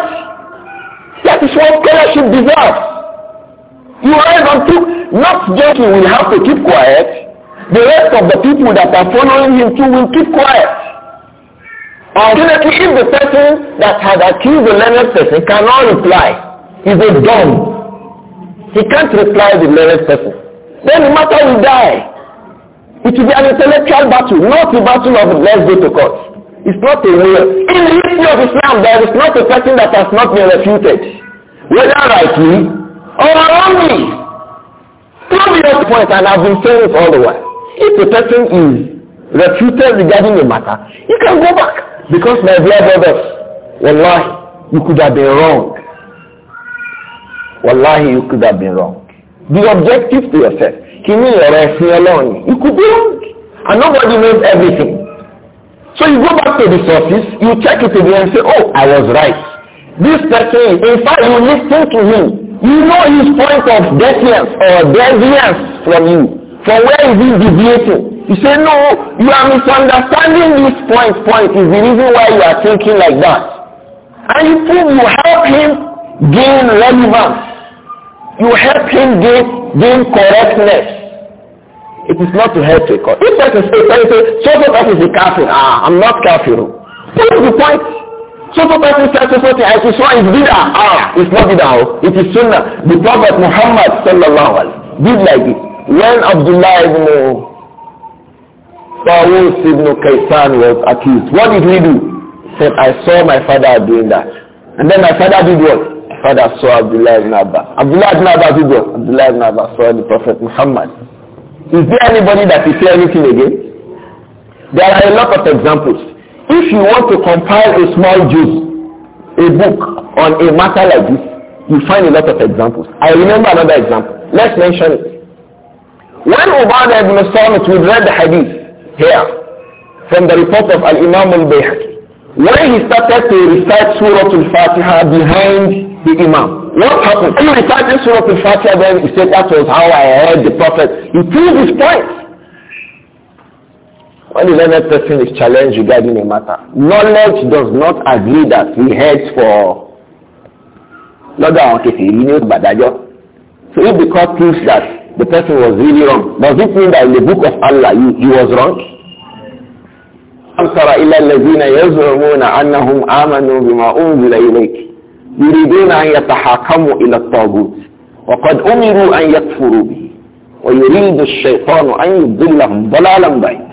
That is what scholarship deserves. You are right on two. Not joking will have to keep quiet. The rest of the people that are following him too will keep quiet. Unfortunately, if the person that had accused the learned person cannot reply, he's a dumb. He can't reply the learned person. Then no matter you die, it will be an intellectual battle, not a battle of let's go to court. It's not a real. In the history of Islam, there is not a person that has not been refuted, whether rightly or wrongly. Prove your point, and I've been saying it all the while. If a person is refuted regarding a matter, you can go back. Because my dear brothers, wallahi, you could have been wrong. Wallahi, you could have been wrong. The objective to yourself. Kìíní ọ̀rọ̀ ẹ̀sìn ọlọ́run you could be wrong and nobody knows everything. So you go back to the sources, you check it again and say, oh, I was right. This person, in fact, you lis ten to him. You know his point of defiance or deviance from you. From where is he deviating? You say, no, you are misunderstanding this point. Point is the reason why you are thinking like that. And you think you help him gain relevance you help him gain gain correctness it is not to help a cause if person say say say so so person be kafir ah i'm not careful. o that is the point so so person say so so thing i say so is bidah ah it's not bidah o oh. it is sunnah the prophet muhammad sallallahu alaihi did like this when abdullah ibn tawus ibn kaisan was accused what did he do he said i saw my father doing that and then my father did what father saw Abdullah ibn Abbas. Abdullah ibn Abbas who goes? Abdullah ibn Abbas saw the Prophet Muhammad. Is there anybody that is here anything again? There are a lot of examples. If you want to compile a small juice, a book on a matter like this, you find a lot of examples. I remember another example. Let's mention it. When Ubadah ibn Samit, we read the hadith here from the report of Al-Imam al-Bayhaqi. When he started to recite Surah Al-Fatiha behind the Imam. What happened? When I this Surah Al-Fatiha then, he said that was how I heard the Prophet. He proved his point. When the learned person is challenged regarding a matter, knowledge does not agree that he heads for not that lọ́dọ̀ àwọn kìsì yìí ní gbàdájọ́. So if the court proves that the person was really wrong, does it mean that in the book of Allah he, he was wrong? أم تر إلى الذين يزعمون أنهم آمنوا بما أنزل إليك يريدون أن يتحاكموا إلى الطاغوت وقد أمروا أن يكفروا به ويريد الشيطان أن يضلهم ضلالا بعيدا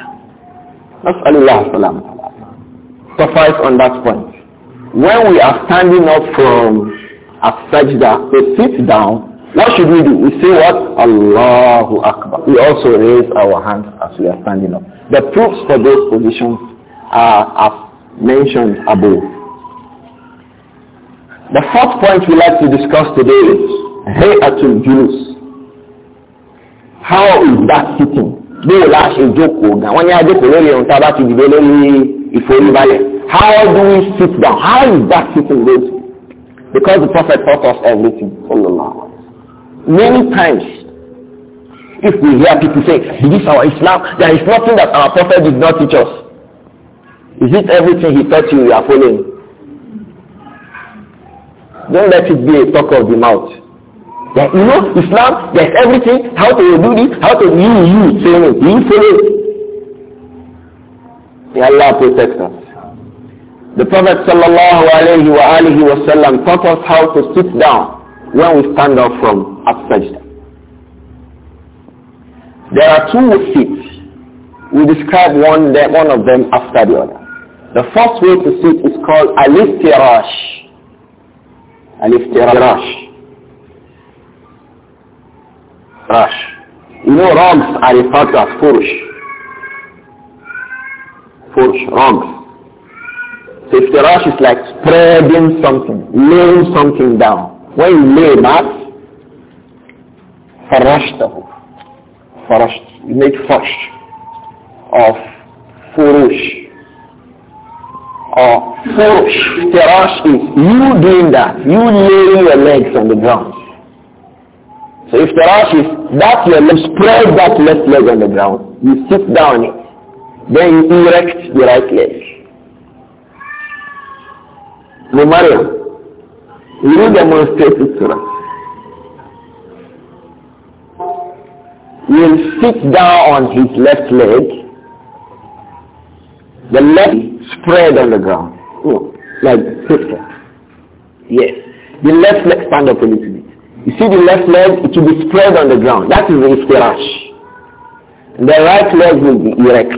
نسأل الله السلامة suffice on that point when we are standing up from a sajda we sit down what should we do we say what Allahu Akbar we also raise our hands as we are standing up the proofs for those positions are, are mentioned above the fourth point we like to discuss today is Hayatul Julus. How is that sitting? Bóò la ṣe jókòó gan, wọ́n ní ajókòó lórí ohun tí a bá ti dìde lórí ìforíbalẹ̀. How do we sit down? How is that sitting going Because the prophet taught us everything. Many times, if we hear people say, this is our Islam, there is nothing that our prophet did not teach us. Is it everything he taught you you are following? Don't let it be a talk of the mouth. Yeah, you know, Islam, there's everything, how to do this, how to you, you, say it, you follow it. May Allah protect us. The Prophet sallallahu alayhi wa alihi wa sallam taught us how to sit down when we stand up from as-sajda. There are two seats. We describe one, one of them after the other. The first way to sit is called al الافتراش rash you know wrongs are referred to as furush furush wrongs so iftirash is like spreading something laying something down when you lay that farashtahu farash you make fush of furush or furush. Firash is you doing that, you laying your legs on the ground. So if firash is that your leg, spread that left leg on the ground. You sit down it. Then you erect the right leg. No Maryam, you demonstrate it to us. You'll sit down on his left leg. The left spread on the ground. Oh, like sister. Yes. The left leg stand up a little bit. You see the left leg, it will be spread on the ground. That is the iftirash. The right leg will be erect.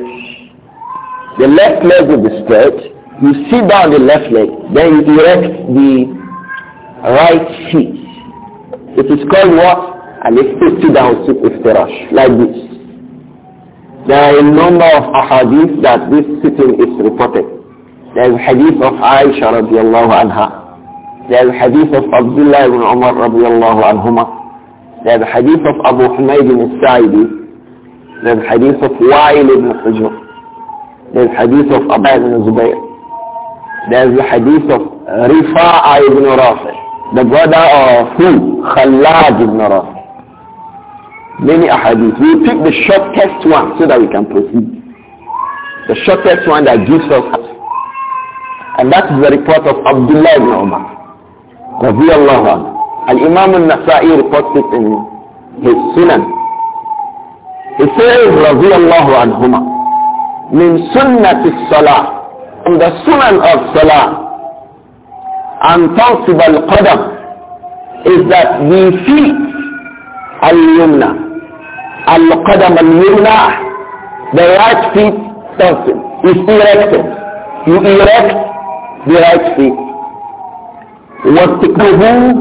The left leg will be spread. You sit down the left leg, then you erect the right feet. It is called what? An you down sit iftirash, like this. There are a number of ahadith that this sitting is reported. There is a hadith of Aisha radiallahu anha. There is a hadith of Abdullah ibn Umar radiallahu anhumah. There is a hadith of Abu Humayd ibn Sa'idi. There is a hadith of Wa'il ibn Hujr. There is a hadith of Abay ibn Zubayr. There is a hadith of Rifa'a ibn Rafi, the brother of who? Khalad ibn Rafi. many ahadith. We we'll pick the shortest one so that we can proceed. The shortest one that gives us. And that is the report of Abdullah ibn Umar. Radiallahu anhu. Al-Imam al-Nasa'i reports it in his Sunan. He says, Radiallahu anhuma, min Sunnat salah, from the Sunan of salah, and tansib al-qadam, is that we feet al-yumna, and the right feet something is erected you erect the right feet واتقوه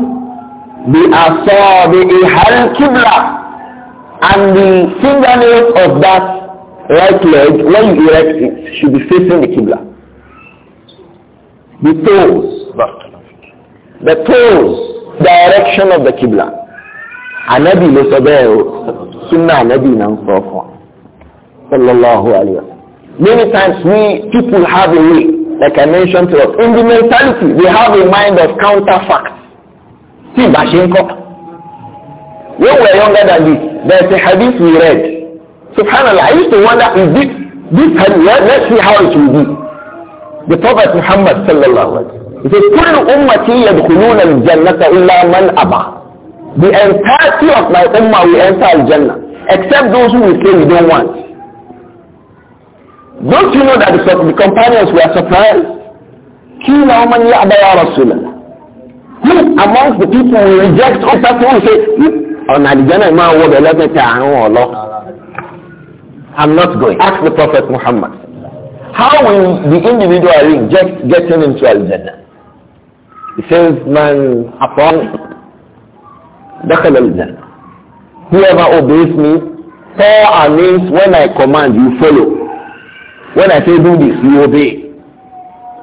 بأصابعها الكبرى and the fingernails of that right leg when you erect it should be facing the kibla. the toes the toes direction of the kibla. ànábì ló sọ bẹ́ẹ̀ o súnà ànábì na ń sọ fún sallallahu alayhi wa many times we people have a way like I mentioned to us in the mentality they have a mind of counter counterfact tí ba ṣe ń when we were younger than this there is a hadith we read subhanallah I used to wonder if this this hadith let's see how it will be the prophet Muhammad sallallahu alaihi wa sallam he said kullu ummati yadkhuluna al-jannata illa man aba The entirety of my ummah will enter Al-Jannah, except those who will say we don't want. Don't you know that the, the companions were surprised? كِيلَ وَمَنْ يَعْبَ يَا رَسُولَ Who amongst the people will reject or that will say, hmm, ọ̀nà Al-Jannah máa wọ bẹ̀rẹ̀ mẹ́ta ọ̀lọ́. I'm not going. Ask the Prophet Muhammad. How will the individual reject getting into Al-Jannah? He says, man upon دخل الجنة whoever obeys me Saw and means when I command you follow when I say do this you obey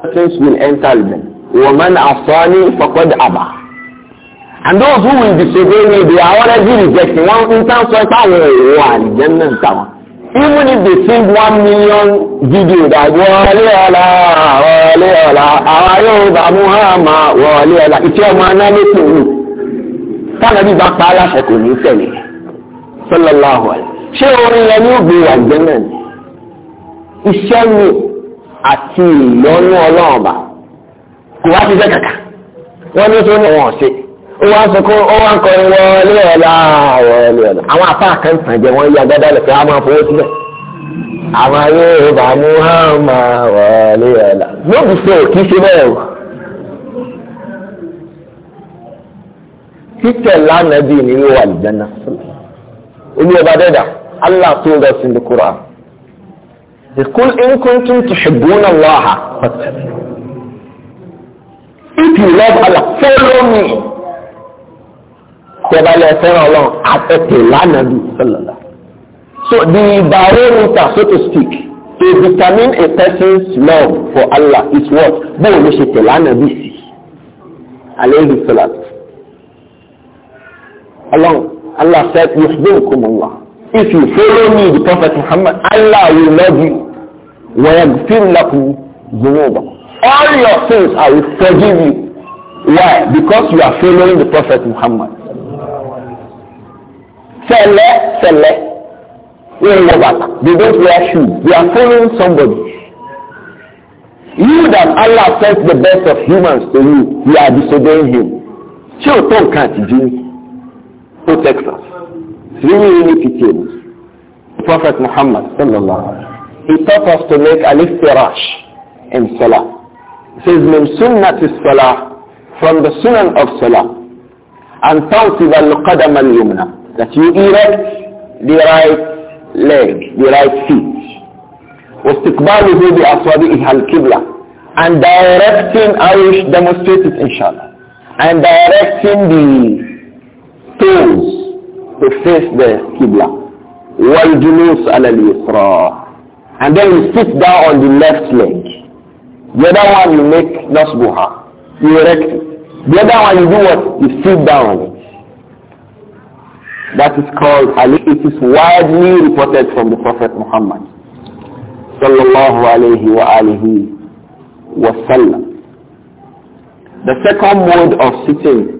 persons will enter them وَمَنْ أَصَانِي فَقَدْ أَبَى and those who will disobey me they are already rejecting one in terms of power one jannah tower even if they sing one million video that wọlé ọ̀la wọlé ọ̀la àwọn yóò bá muhammad wọlé ọ̀la ìṣe ọmọ análékùn táwọn ẹbí bá pa á láṣẹ kò ní tẹ̀lé sọlọ́láhùn ẹ̀ ṣé orin yẹn ní ògbé àgbẹ̀ náà ni iṣẹ́ mi àti ìyọnú ọlọ́run bá kò wá ti fẹ́ kàkà wọ́n ní sọ́nà wọn ṣe ó wá ń sọ pé ó wá ń kọ wọlé ọ̀la wọlé ọ̀la àwọn apá àkàǹtàn jẹ wọ́n yí agbádá lẹ̀ pé a máa sílẹ̀ àwọn ayé ìbámu hàn máa wọlé ọ̀la lóògùn fún òkì ṣe bẹ́ẹ̀ wọ̀. títẹ̀ lánàá bíi ni ìwà ìjẹ́nà. lìjánná ọba dẹ́dà allah tó ń told us in the quran the kul in kuntum tuhibbuna allaha if you love allah follow me lẹ fẹ́ràn ọlọ́run àtẹ̀tẹ̀ lánàá bíi sọlọ́lá so the barometer so to speak to determine a person's love for allah is what bóun ló ṣe tẹ̀ lánàá bíi sí alayhi salatu. alone. Allah said, يحببكم Allah. If you follow me, the Prophet Muhammad, Allah will love you. wa ويغفر lakum ذنوبكم. All your sins I will forgive you. Why? Because you are following the Prophet Muhammad. Sẹlẹ sẹlẹ wọ́n wọ bàtà they don't wear shoes they are following somebody. You that Allah sent the best of humans to you you are disobeying him. Ṣé o tó nǹkan àtijọ́ yìí? Protect us. Really, really pitiable. Prophet Muhammad sallallahu he taught us to make alif iftirash in salah. He says, من سنة salah from the sunnah of salah and تنصب al-yumna. that you erect the right leg, the right feet. واستقباله بأصابعها القبلة and directing, I will demonstrate it inshallah, and directing the stones to face the Qibla. وَالْجُلُوسُ عَلَى الْيُسْرَى And then you sit down on the left leg. The other one you make nasbuha. You erect it. The other one you do what? You sit down on it. That is called Ali. It is widely reported from the Prophet Muhammad. Sallallahu alayhi wa alihi wa sallam. The second mode of sitting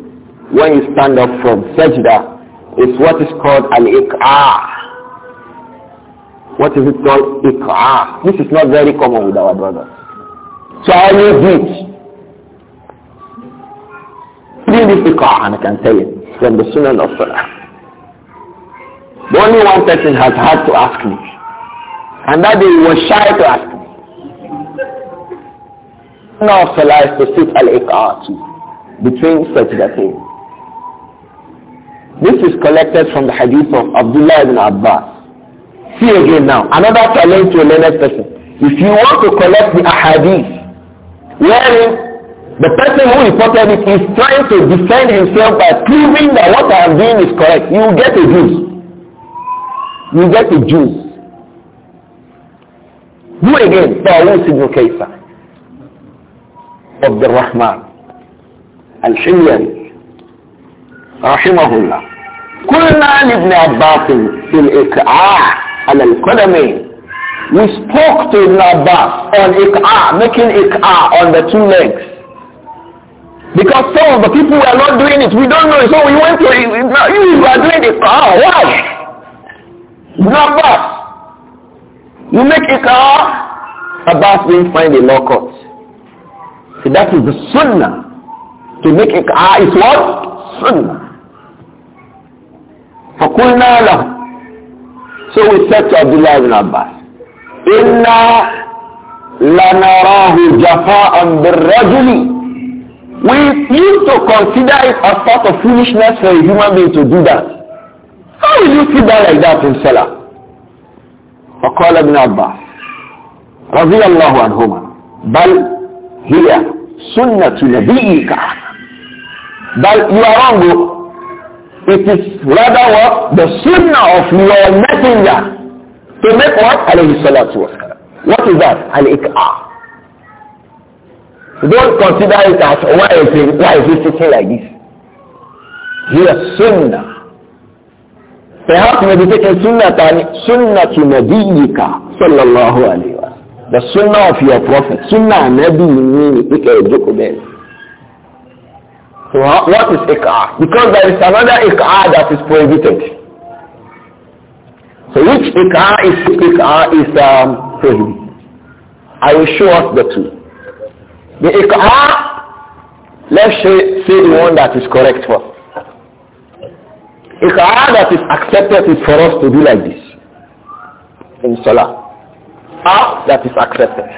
when you stand up from sajda is what is called an What is it called? Iq'ah. This is not very common with our brothers. So I will teach. Three this iq'ah and I can tell it from the Sunan of Salah. The only one person has had to ask me. And that day he was shy to ask me. Now Salah is to sit al-iq'ah between such that thing. This is collected from the hadith of Abdullah ibn Abbas. See again now, another challenge to a learned person. If you want to collect the ahadith, wherein the person who reported it is trying to defend himself by proving that what I am doing is correct, you get a juice. You get a juice. Do again? Tawus ibn Kaisa. Abdul Rahman. Al-Himyari rahimahullah قلنا لابن عباس في الإقعاع على القدمين we spoke to Ibn Abbas on Iq'a, making Iq'a on the two legs. Because some of the people were not doing it. We don't know So we went to Ibn You are doing Iq'a. Why? Ibn Abbas. You make Iq'a, Abbas didn't find a law court. See, that is the sunnah. To make Iq'a is what? Sunnah. فقلنا له so we said to Abdullah ibn Abbas إنا لنراه جفاء بالرجل we used to consider it a part of foolishness for a human being to do that how will you feel that like that in Salah فقال ابن عباس رضي الله عنهما بل هي سنة نبيك بل you are wrong It is rather what? The sunnah of your messenger. To make what? Alayhi salatu wasalam. What is that? Al-Iqa'ah. Don't consider it as why is he, why is he sitting like this. He is sunnah. Perhaps meditating sunnah sunnah to nabiyyika sallallahu alayhi wa The sunnah of your prophet. Sunnah nabi ni ike ejoko bẹ́ẹ̀. So what is ik'ah? Because there is another ik'ah that is prohibited. So which ik'ah is is um, prohibited? I will show us the two. The ik'ah, let's say, say the one that is correct first. Ikrar that is accepted is for us to do like this in Salah. Ah, that is accepted.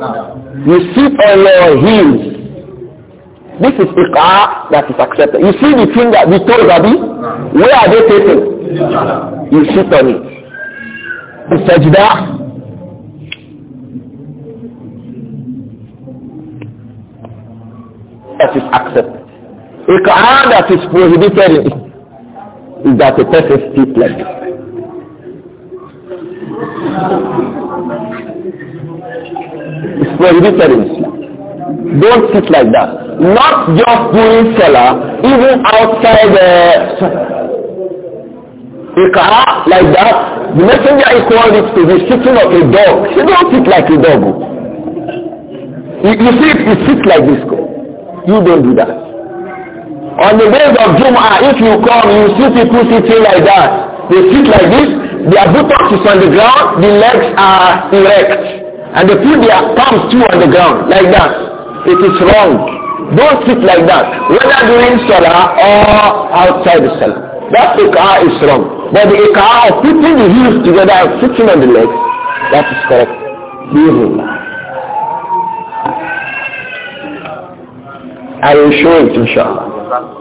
You sit on your heels. This is iqah that is accepted. You see the thing that we told, Abi? Where are they taken? You sit on it. The sajda. That is accepted. Iqah that is prohibited is that a person sits like this is prohibited in Islam. Don't sit like that. Not just during Salah, even outside the uh, Ikara, like that. The messenger is called it to the sitting of a dog. You don't sit like a dog. You, you see, you sit like this. You don't do that. On the days of Jum'ah, if you come, you see people sitting like that. They sit like this, their buttocks is on the ground, the legs are erect and they put their palms two on the ground like that it is wrong don't sit like that whether during salah or outside the salah that ikah is wrong but the ikah of putting the heels together and sitting on the legs that is correct Bismillah. I will show it inshallah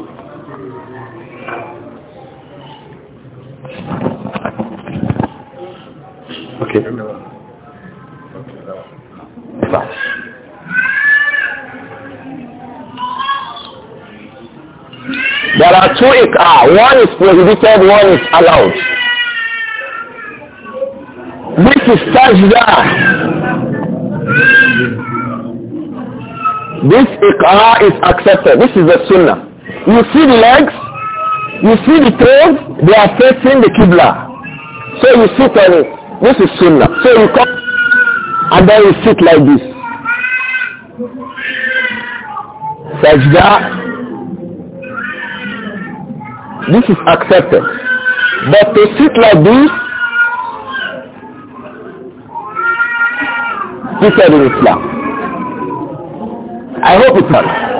There are two ikah. One is prohibited, one is allowed. This is sajda. This ikah is accepted. This is the sunnah. You see the legs, you see the toes, they are facing the kibla. So you sit on it. This is sunnah. So you come and then you sit like this. Sajda This is accepted. But to sit like this, he said in Islam. I hope it's not.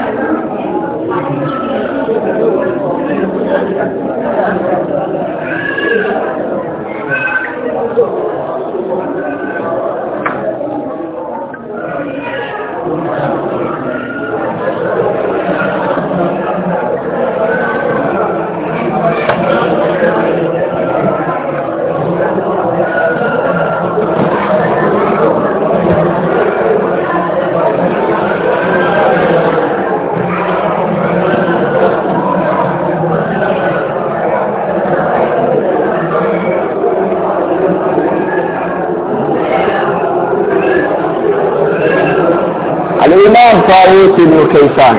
طاووس كيسان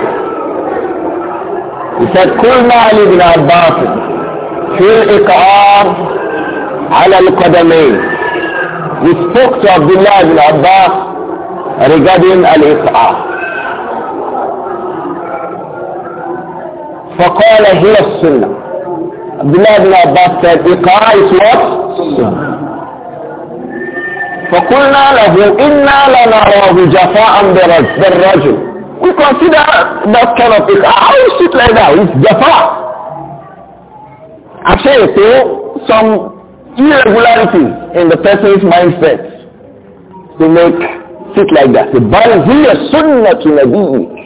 يسد كل ما علي بن عباس في الإقرار على القدمين We spoke to Abdullah ibn Abbas regarding al فقال هي السنة عبد الله بن عباس said إقراء is what? سنة فقلنا له إنا لنراه جفاء بالرجل consider that kind of thing. How you sit like that? It's Jafar. I'm sure you some irregularities in the person's mindset to make sit like that. The Balziya Sunnah to Nabi.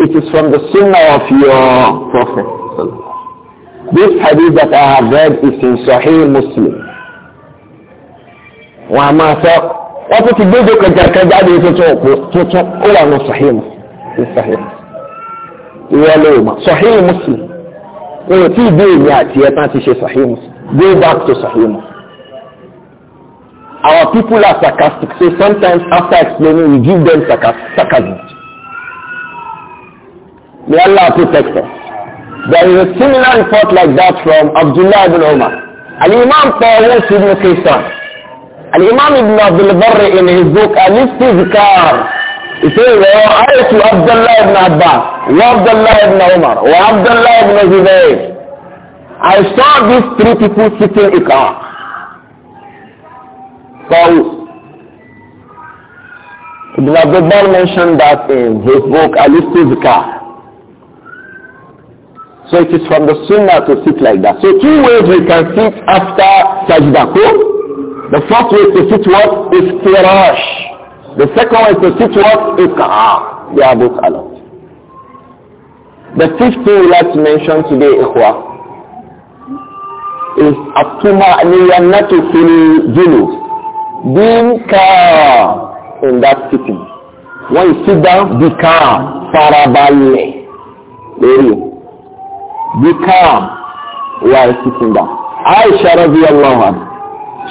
It is from the Sunnah of your Prophet. This hadith that I have read is in Sahih Muslim. Wọ́n a máa sọ, wọ́n tún ti gbé to jáde To ó wà ní Sahih Muslim sí sahih ìwọ ló mọ̀ sahih muslim wọn ò tí ì bí èmi àti ẹ̀ tán ti ṣe sahih muslim go back to sahih muslim. Our people are sarcastic so sometimes after explaining we give them sarcasm. May Allah protect us. There is a similar report like that from Abdullah bin Umar. An imam Tawus ibn Kaysan. An imam ibn Abdul Barri in his book Al-Istizkar He says, وَعَيْتُ عَبْدَ اللَّهِ ibn Abbas, وَعَبْدَ اللَّهِ ibn Umar, وَعَبْدَ اللَّهِ ibn Zubayr. I saw these three people sitting in car. So, Ibn Abdul mentioned that in his book, Alistu Zikar. So it is from the sunnah to sit like that. So two ways we can sit after sajda. The first way to sit what? Is firash. The second one is to teach what is Iqa'a. They are both allowed. The fifth thing we like to mention today, Ikhwa, is at Aniyanatu fil julus. Being calm in that sitting. When you sit down, be calm. Farabalẹ̀. Lórí. Be calm while sitting down. Aisha radiyallahu anha.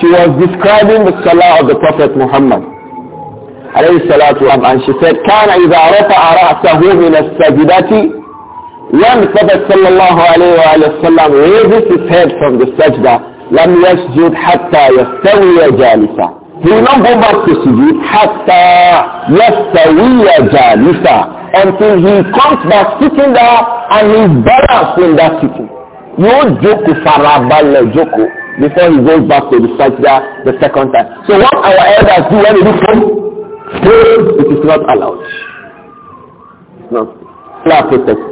She was describing the salah of the Prophet Muhammad alayhi salatu wa and she said, كَانَ إِذَا رَفَعَ رَأْسَهُ مِنَ السَّجِدَةِ When the Prophet sallallahu alayhi wa sallam raises his head from the sajda, لَمْ يَسْجُدْ حَتَّى يَسْتَوِيَ جَالِسًا He will not go back to sujood حَتَّى يَسْتَوِيَ جَالِسًا Until he comes back sitting there and he's balanced in that sitting. No joku farabale joku before he goes back to the sajda the second time. So what our elders do when they do it is not allowed. No. Allah protects.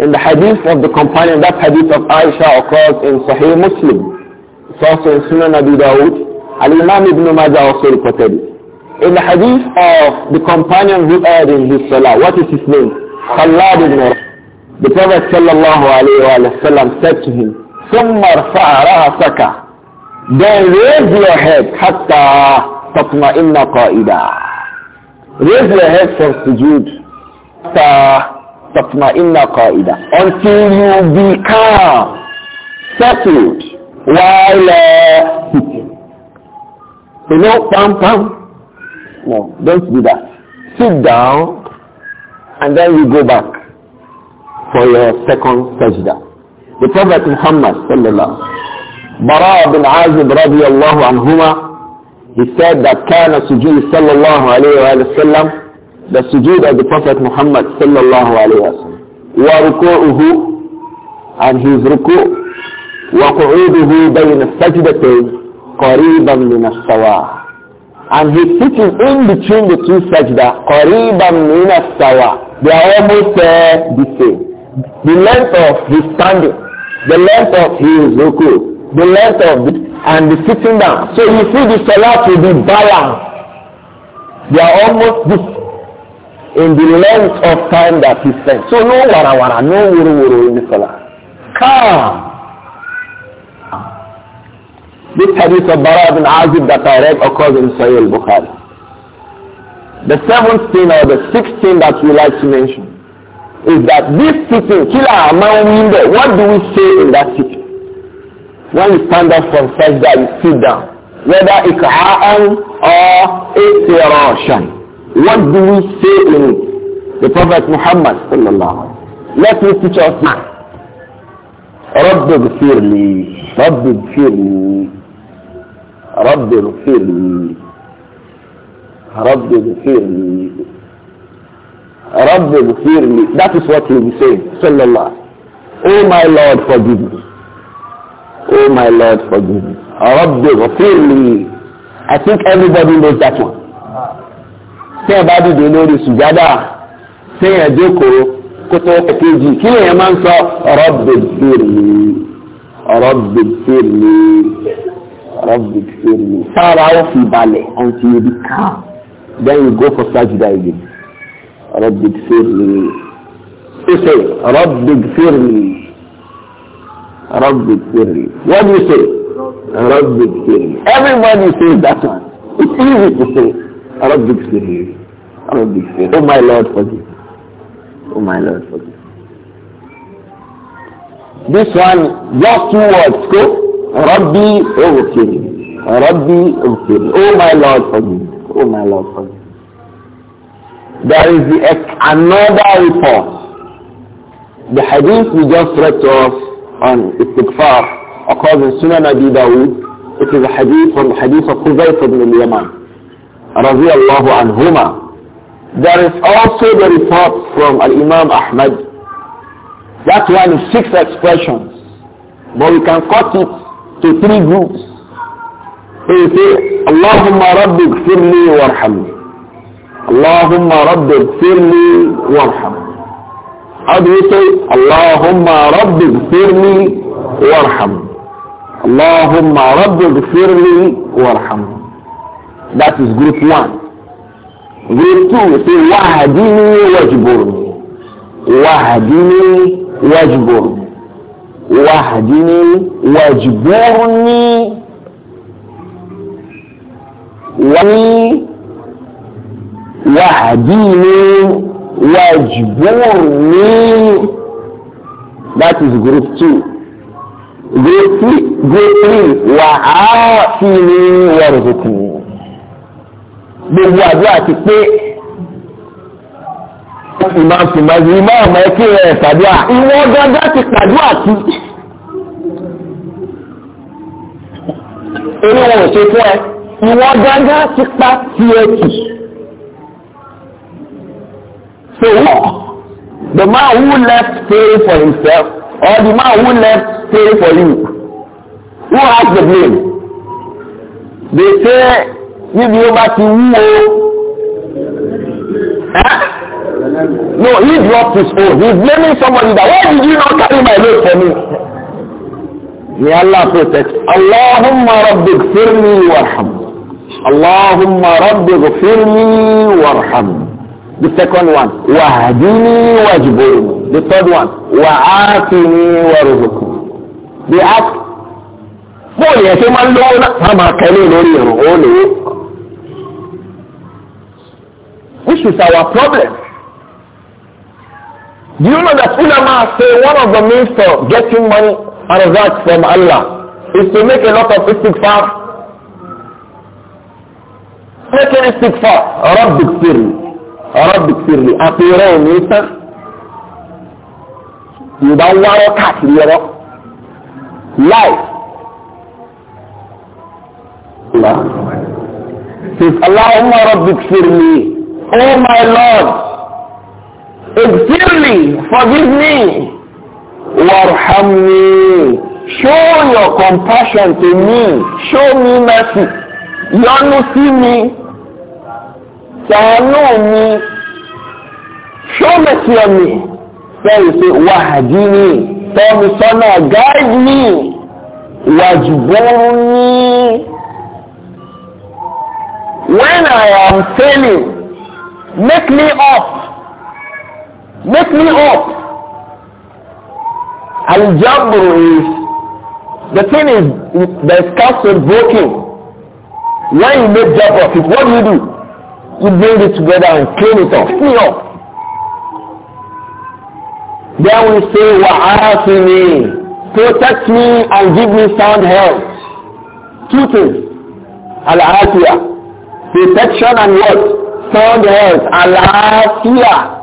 In the hadith of the companion, that hadith of Aisha occurs in Sahih Muslim. It's also in Sunan Abu Dawud. Al-Imam Ibn Majah also reported it. In the hadith of the companion who heard in his salah, what is his name? Khalad ibn The Prophet sallallahu alayhi wa sallam said to him, ثُمَّ رَفَعَ رَأَسَكَ Then raise your head حَتَّى تطمئن قائدا Raise your head for sujood. تطمئن قائدا Until you become settled, while sitting you know, pam pam. No, don't do that. Sit down and then you go back for your second sajda. The Prophet Muhammad sallallahu Bara bin Azib radiallahu anhuma He said that كان sujood صلى الله عليه وسلم the sujood of the Prophet Muhammad صلى الله عليه وسلم Wa and his ruku' وقعوده بين bayna قريبا من min And he's sitting in between the two sajda, قريبا من as They are almost uh, the same. The length of his standing, the length of his ruku, the length of the and the sitting down. So you see the salah to be balanced. They are almost this in the length of time that he spent. So no wara wara, no wuru wuru in the salah. Calm. This hadith of Bara ibn Azib that I read occurs in Sahih al-Bukhari. The seventh thing or the sixth thing that we like to mention is that this sitting, killer among window, what do we say in that sitting? When you stand up from sajda, you sit down. Whether ikha'an or iftirashan. What do we say in it? The Prophet Muhammad sallallahu Let me teach us now. رب اغفر لي رب اغفر لي رب اغفر لي رب اغفر لي رب اغفر لي That is what he will say sallallahu Oh my Lord forgive me Oh my Lord, forgive me. Rabbi ghafirli. I think everybody knows that one. Tí ẹ bá dìde lórí sùjádà, tí ẹ jókòó kó tó kejì, kí èèyàn máa ń sọ Rabbi ghafirli. Rabbi ghafirli. Rabbi ghafirli. Sára ó fi balẹ̀ until you be calm. Then you go for sajda again. Rabbi ghafirli. Ó sọ Rabbi ghafirli. Arabic اغفر What do you say? رب اغفر Everybody says that one. It's easy to say Arabic اغفر رب اغفر Oh my Lord forgive. Oh my Lord forgive. This one, just two words, go. Rabbi اغفر Rabbi اغفر Oh my Lord forgive. Oh my Lord forgive. There is the, another report. The hadith we just read to us on istighfar occurs in Sunan Abi Dawud. It is a hadith from the hadith of Huzayf ibn al-Yaman. Radiallahu anhuma. There is also the report from Al-Imam Ahmad. That one is six expressions. But we can cut it to three groups. So you say, Allahumma rabbi gfirli warhamni. Allahumma rabbi gfirli warhamni. How do you say, Allahumma Rabbi gfirli warham. Allahumma Rabbi gfirli warham. That is group one. Group two, you say, Wahdini wajburni. Wahdini wajburni. Wahdini wajburni. Wahdini wajburni. ni That is group two. Group three, group three, wa'afini warzuqni. Gbogbo àdúrà ti pé ìmáà tìmáà ìmáà ọmọ ẹkẹ rẹ̀ pàdúrà. Ìwọ gángan ti pàdúrà tù. Orí wọn ò ṣe fún ẹ. Ìwọ gángan ti pa tiẹ̀ tù. to walk. The man who left pay for himself or the man who left pay for you. Who has the blame? They say, give over to you. Huh? No, he dropped his own. He's blaming somebody that, why did you not carry my load for me? May Allah protect. Allahumma rabbi gfirli warham. Allahumma rabbi gfirli warham. The second one, Wahdini wajburni. The third one, Wa'atini warzuqni. They ask, bóòlù ẹ̀ṣẹ́ máa ń lówó náà máa máa kẹ́lé e lórí ìrùn ó lè wó. Which is our problem. Do you know that ulama say one of the means to getting money and that from Allah is to make a lot of istighfar? Make an istighfar, Rabbi Sirri. رب اغفر لي اطيروني يبقى وركعت ليرى life لا اللهم رب اغفر لي oh my lord اغفر لي forgive me وارحمني show your compassion to me show me mercy yọ́nú see me. ṣàánú mi ṣọ́mẹ̀síọ̀ mi fẹ́rẹ̀ pé wàhájí ni tọ́mi sọ́nà gáàjì ni wàjúbọ́rún ni. When I am failing, make me up. Make me up. Al-Jabru is, the thing is, the is counsel broken. When you make Jabru, what do you do? You build it together and clean it up. Pick me up. Then we say, Wa'afini. Protect me and give me sound health. Two things. Al-Afiyah. Protection and what? Sound health. Al-Afiyah.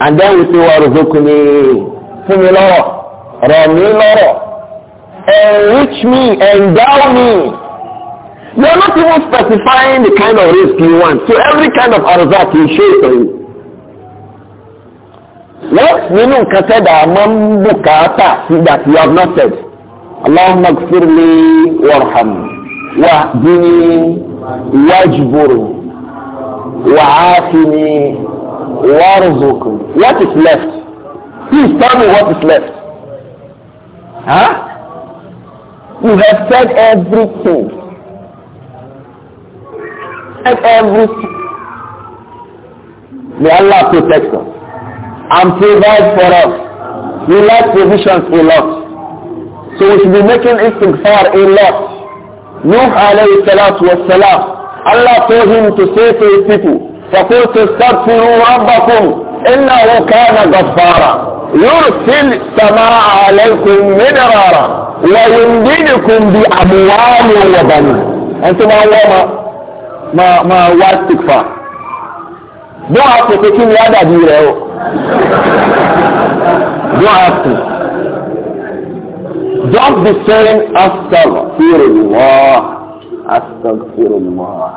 And then we say, Waruzukuni. Fún mi lọ́rọ̀. Enrich me. Endow me. You are not even specifying the kind of risk you want. So every kind of arzak you show for you. What nínú nǹkan tẹ́dà máa ń bùkátà sí that you have not said? Allahumma gfirli warham wa dini wajburu wa afini warzuku. What is left? Please tell me what is left. Huh? You have said everything. avoid everything. May Allah protect us and provide for us. We like provisions a lot. So we should be making istighfar a lot. Nuh alayhi salatu was salam. Allah told him to say to his people, فَقُلْتُ اسْتَغْفِرُوا رَبَّكُمْ إِنَّهُ كَانَ غَفَّارًا يُرْسِلْ السَّمَاءَ عَلَيْكُمْ مِدْرَارًا وَيُمْدِدْكُمْ بِأَمْوَالٍ وَبَنِينَ أنتم الله máa máa wá tìfà bó a kò pé kí ni ádàbí rẹ o bó a kò don't be saying astaghfirullah astaghfirullah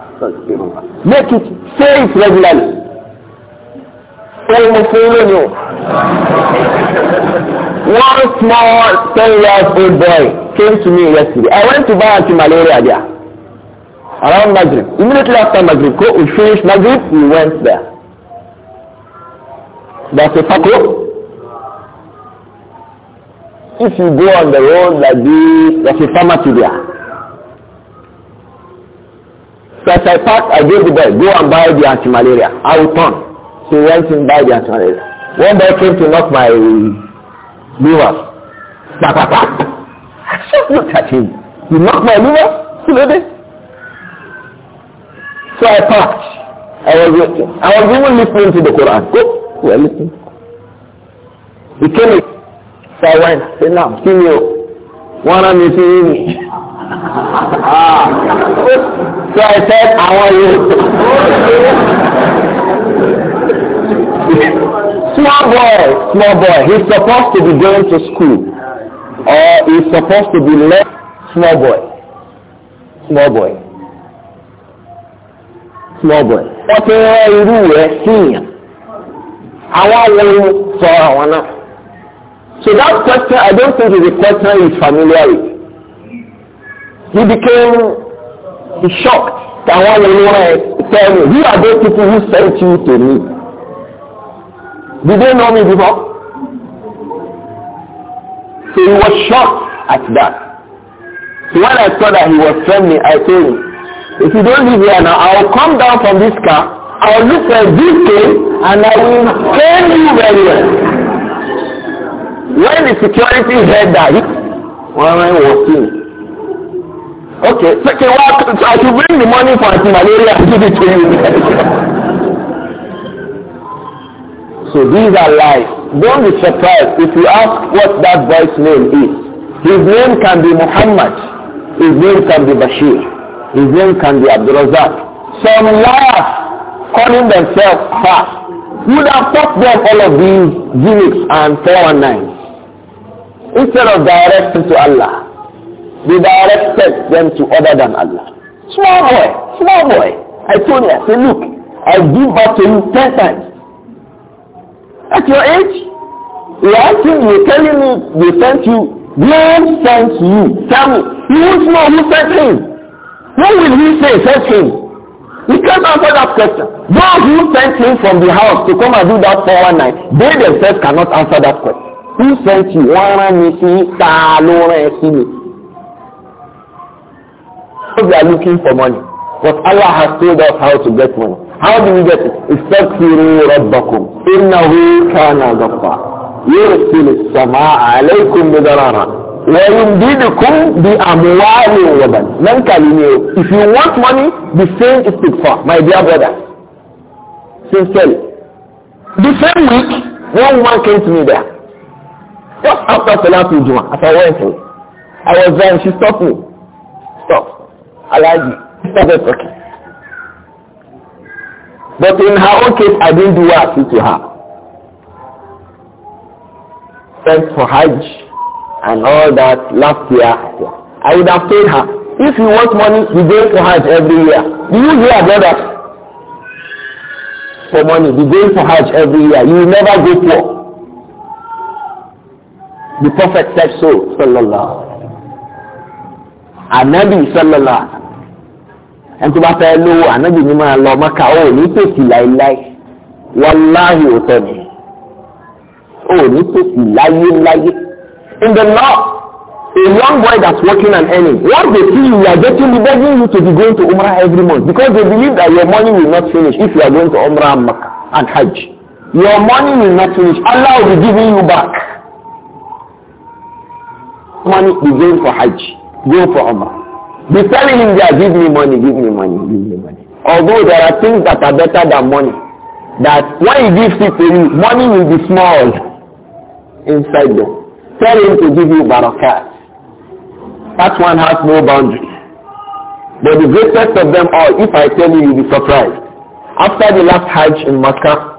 astaghfirullah make it safe regularly sẹ́yìn fún lónìí o one small ten years old boy came to me yesterday I went to buy anti-malaria there around Maghrib. Immediately after Maghrib, go, we finished Maghrib, we went there. That's a fakr. If you go on the road like this, that's a pharmacy there. So as I parked, I gave the boy, go and buy the anti-malaria. I will turn. So he went and buy the anti-malaria. One boy came to knock my liver. Pa, pa, pa. I just looked at him. You knocked my liver? Today? So I parked. I was waiting. I was even listening to the Quran. Go. We are listening. He came in. So I went. Say now, see me. Wanna me see me. ah. So I said, I want you. *laughs* small boy, small boy. He's supposed to be going to school. Or he's supposed to be left small boy. Small boy. small boy wọ́n ti rán irú rẹ̀ síyàn àwọn àwọn ohun sọ àwọn náà so that question I don't think the a question is familiar with he became he shocked àwọn àwọn ohun rẹ̀ tell me who are those people who sent you to me did they know me before so he was shocked at that so when I saw that he was friendly I told him. If you don't live here now, I will come down from this car, I will look for this cave, and I will tell you very well. When the security head that, while I was in. Okay, so okay, well, so I should bring the money for anti-malaria and give it to you. *laughs* so these are lies. Don't be surprised if you ask what that boy's name is. His name can be Muhammad. His name can be Bashir. His name can be Abdul Some liars calling themselves fast would have taught them all of these gimmicks and 419s. Instead of directing to Allah, they directed them to other than Allah. Small boy, small boy. I told you. I said, look, I give back to you ten times. At your age, you are asking, you're telling me they sent you. God sent you. Tell me. You will know who sent him. Who will he say sent him? He can't answer that question. Those who sent him from the house to come and do that for one night, they themselves cannot answer that question. Who sent you? Wọ́n rán mi ta ló rán ẹ sí mi. They are looking for money. But Allah has told us how to get money. How do we get it? استغفروا ربكم إنه كان غفارا يرسل السماء عليكم مدرارا وَيُمْدِدُكُمْ بِأَمْوَالٍ وَبَنٍ لَنْ كَلِمِيهُ If you want money, the same is good for, my dear brother. Sincerely. The same week, one woman came to me there. Just after Salatul Juma, as I went to I was there and she stopped me. Stop. I like you. Started talking. But in her own case, I didn't do what I said to her. Thanks for Hajj and all that last year. I would have told her. If you want money, you go for Hajj every year. Do you hear about that? For money, you go for Hajj every year. You will never go poor. The Prophet said so, sallallahu Anabi sallallahu ẹni tó bá fẹ́ lówó anabi ni máa lọ mọ́ka ó ní tòsí láéláé wàláhì òtọ́ ni ó ní tòsí láyé láyé. in the north, a young boy that's working and earning, what they see you are getting, they're begging you to be going to Umrah every month because they believe that your money will not finish if you are going to Umrah and, Hajj. Your money will not finish. Allah will be giving you back. Money is going for Hajj, going for Umrah. Be telling him there, give me money, give me money, give me money. Although there are things that are better than money, that when he gives it to you, money will be small inside them. Tell him to give you barakat. That one has no boundary. But the greatest of them all, if I tell you, you'll be surprised. After the last Hajj in Makkah,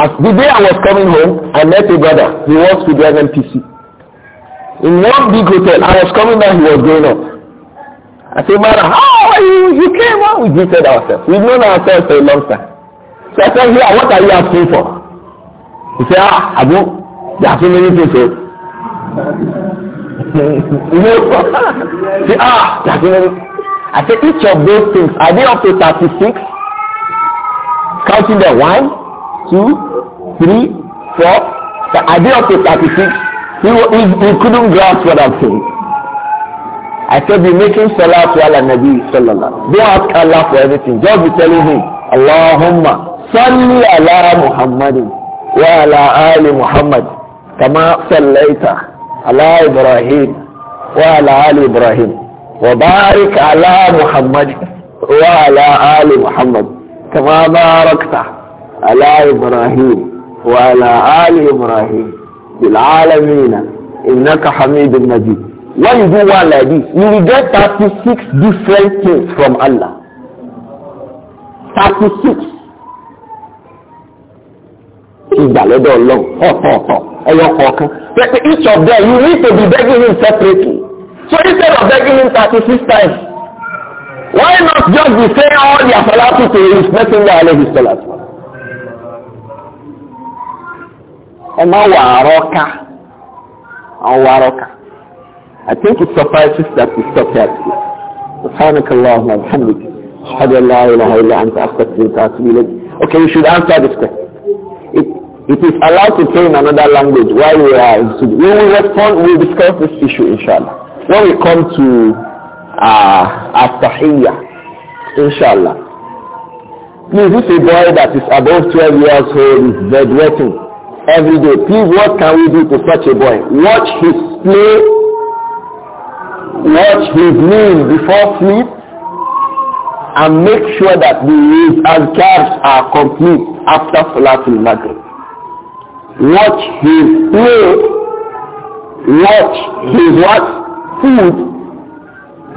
as the day I was coming home, I met a brother. He works with the NPC. In one big hotel, I was coming back, he was going up. I said, Mara, how are you? You came out. We greeted ourselves. We've known ourselves for a long time. So I said, here, yeah, what are you asking for? He said, ah, Abu, there are so many things. See, ah, I say each of those things, are they up to 36? Counting the one, two, three, four. So are they up to 36? He, he, he couldn't grasp what I'm saying. I said, be making salah to Allah Nabi sallallahu Alaihi Don't ask Allah for everything. Just be telling him, Allahumma salli ala Muhammadin wa ala ali Muhammad kama sallaita على إبراهيم وعلى آل إبراهيم وبارك على محمد وعلى آل محمد كما باركت على إبراهيم وعلى آل إبراهيم بالعالمين إنك حميد مجيد when you do one like this you will get 36 different things from Allah little long? ìgbàlódé ọlọ́run ọ̀pọ̀ Are you talking? that each of them, you need to be begging him separately. So instead of begging him 36 times, why not just be saying all your salatu to his messenger alayhi salatu? Ọmọ wàárọ̀ká. Ọmọ wàárọ̀ká. I think it suffices that we stop here today. سبحانك اللهم وبحمدك. أشهد أن لا إله إلا أنت أستغفرك وأتوب إليك. اوكي we should answer this question. It is allowed to pray in another language while we are in studio. We will respond, we will discuss this issue inshallah. When we come to uh, at inshallah. Please, if a boy that is above 12 years old is bedwetting every day, please what can we do to such a boy? Watch his play, watch his meal before sleep, and make sure that the his azkars are complete after Salatul Maghrib. watch his play. watch his what? Food,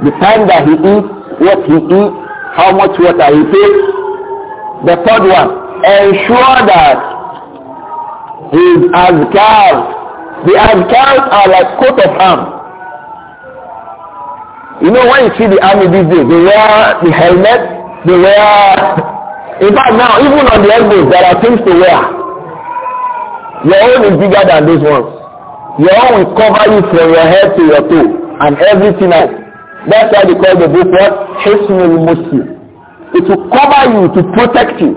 the time that he eats, what he eats, how much water he takes. The third one, ensure that his azkar, the azkar are like coat of arms. You know when you see the army these days, they wear the helmet, they wear, *laughs* in fact now even on the elbows there are things to wear. Your own is bigger than this one. Your own will cover you from your head to your toe and everything else. That's why they call the book what? Hisnul Muslim. It will cover you to protect you.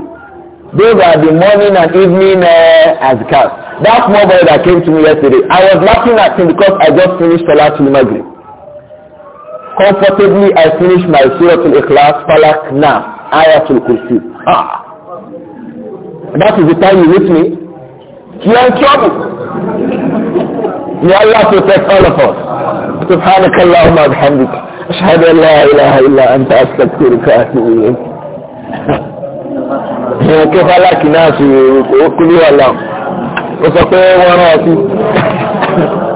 Those are the morning and evening uh, azkars. That small boy that came to me yesterday, I was laughing at him because I just finished Salat Maghrib. Comfortably, I finished my to Ikhlas, Falak, Nas, Ayatul Kursi. Ah. That is the time you with me. You are in trouble. May Allah protect all of us. سبحانك اللهم وبحمدك أشهد أن لا إله إلا أنت أستغفرك وأتوب إليك. كيف لك ناس وكل يوم؟ وسقوا وراسي.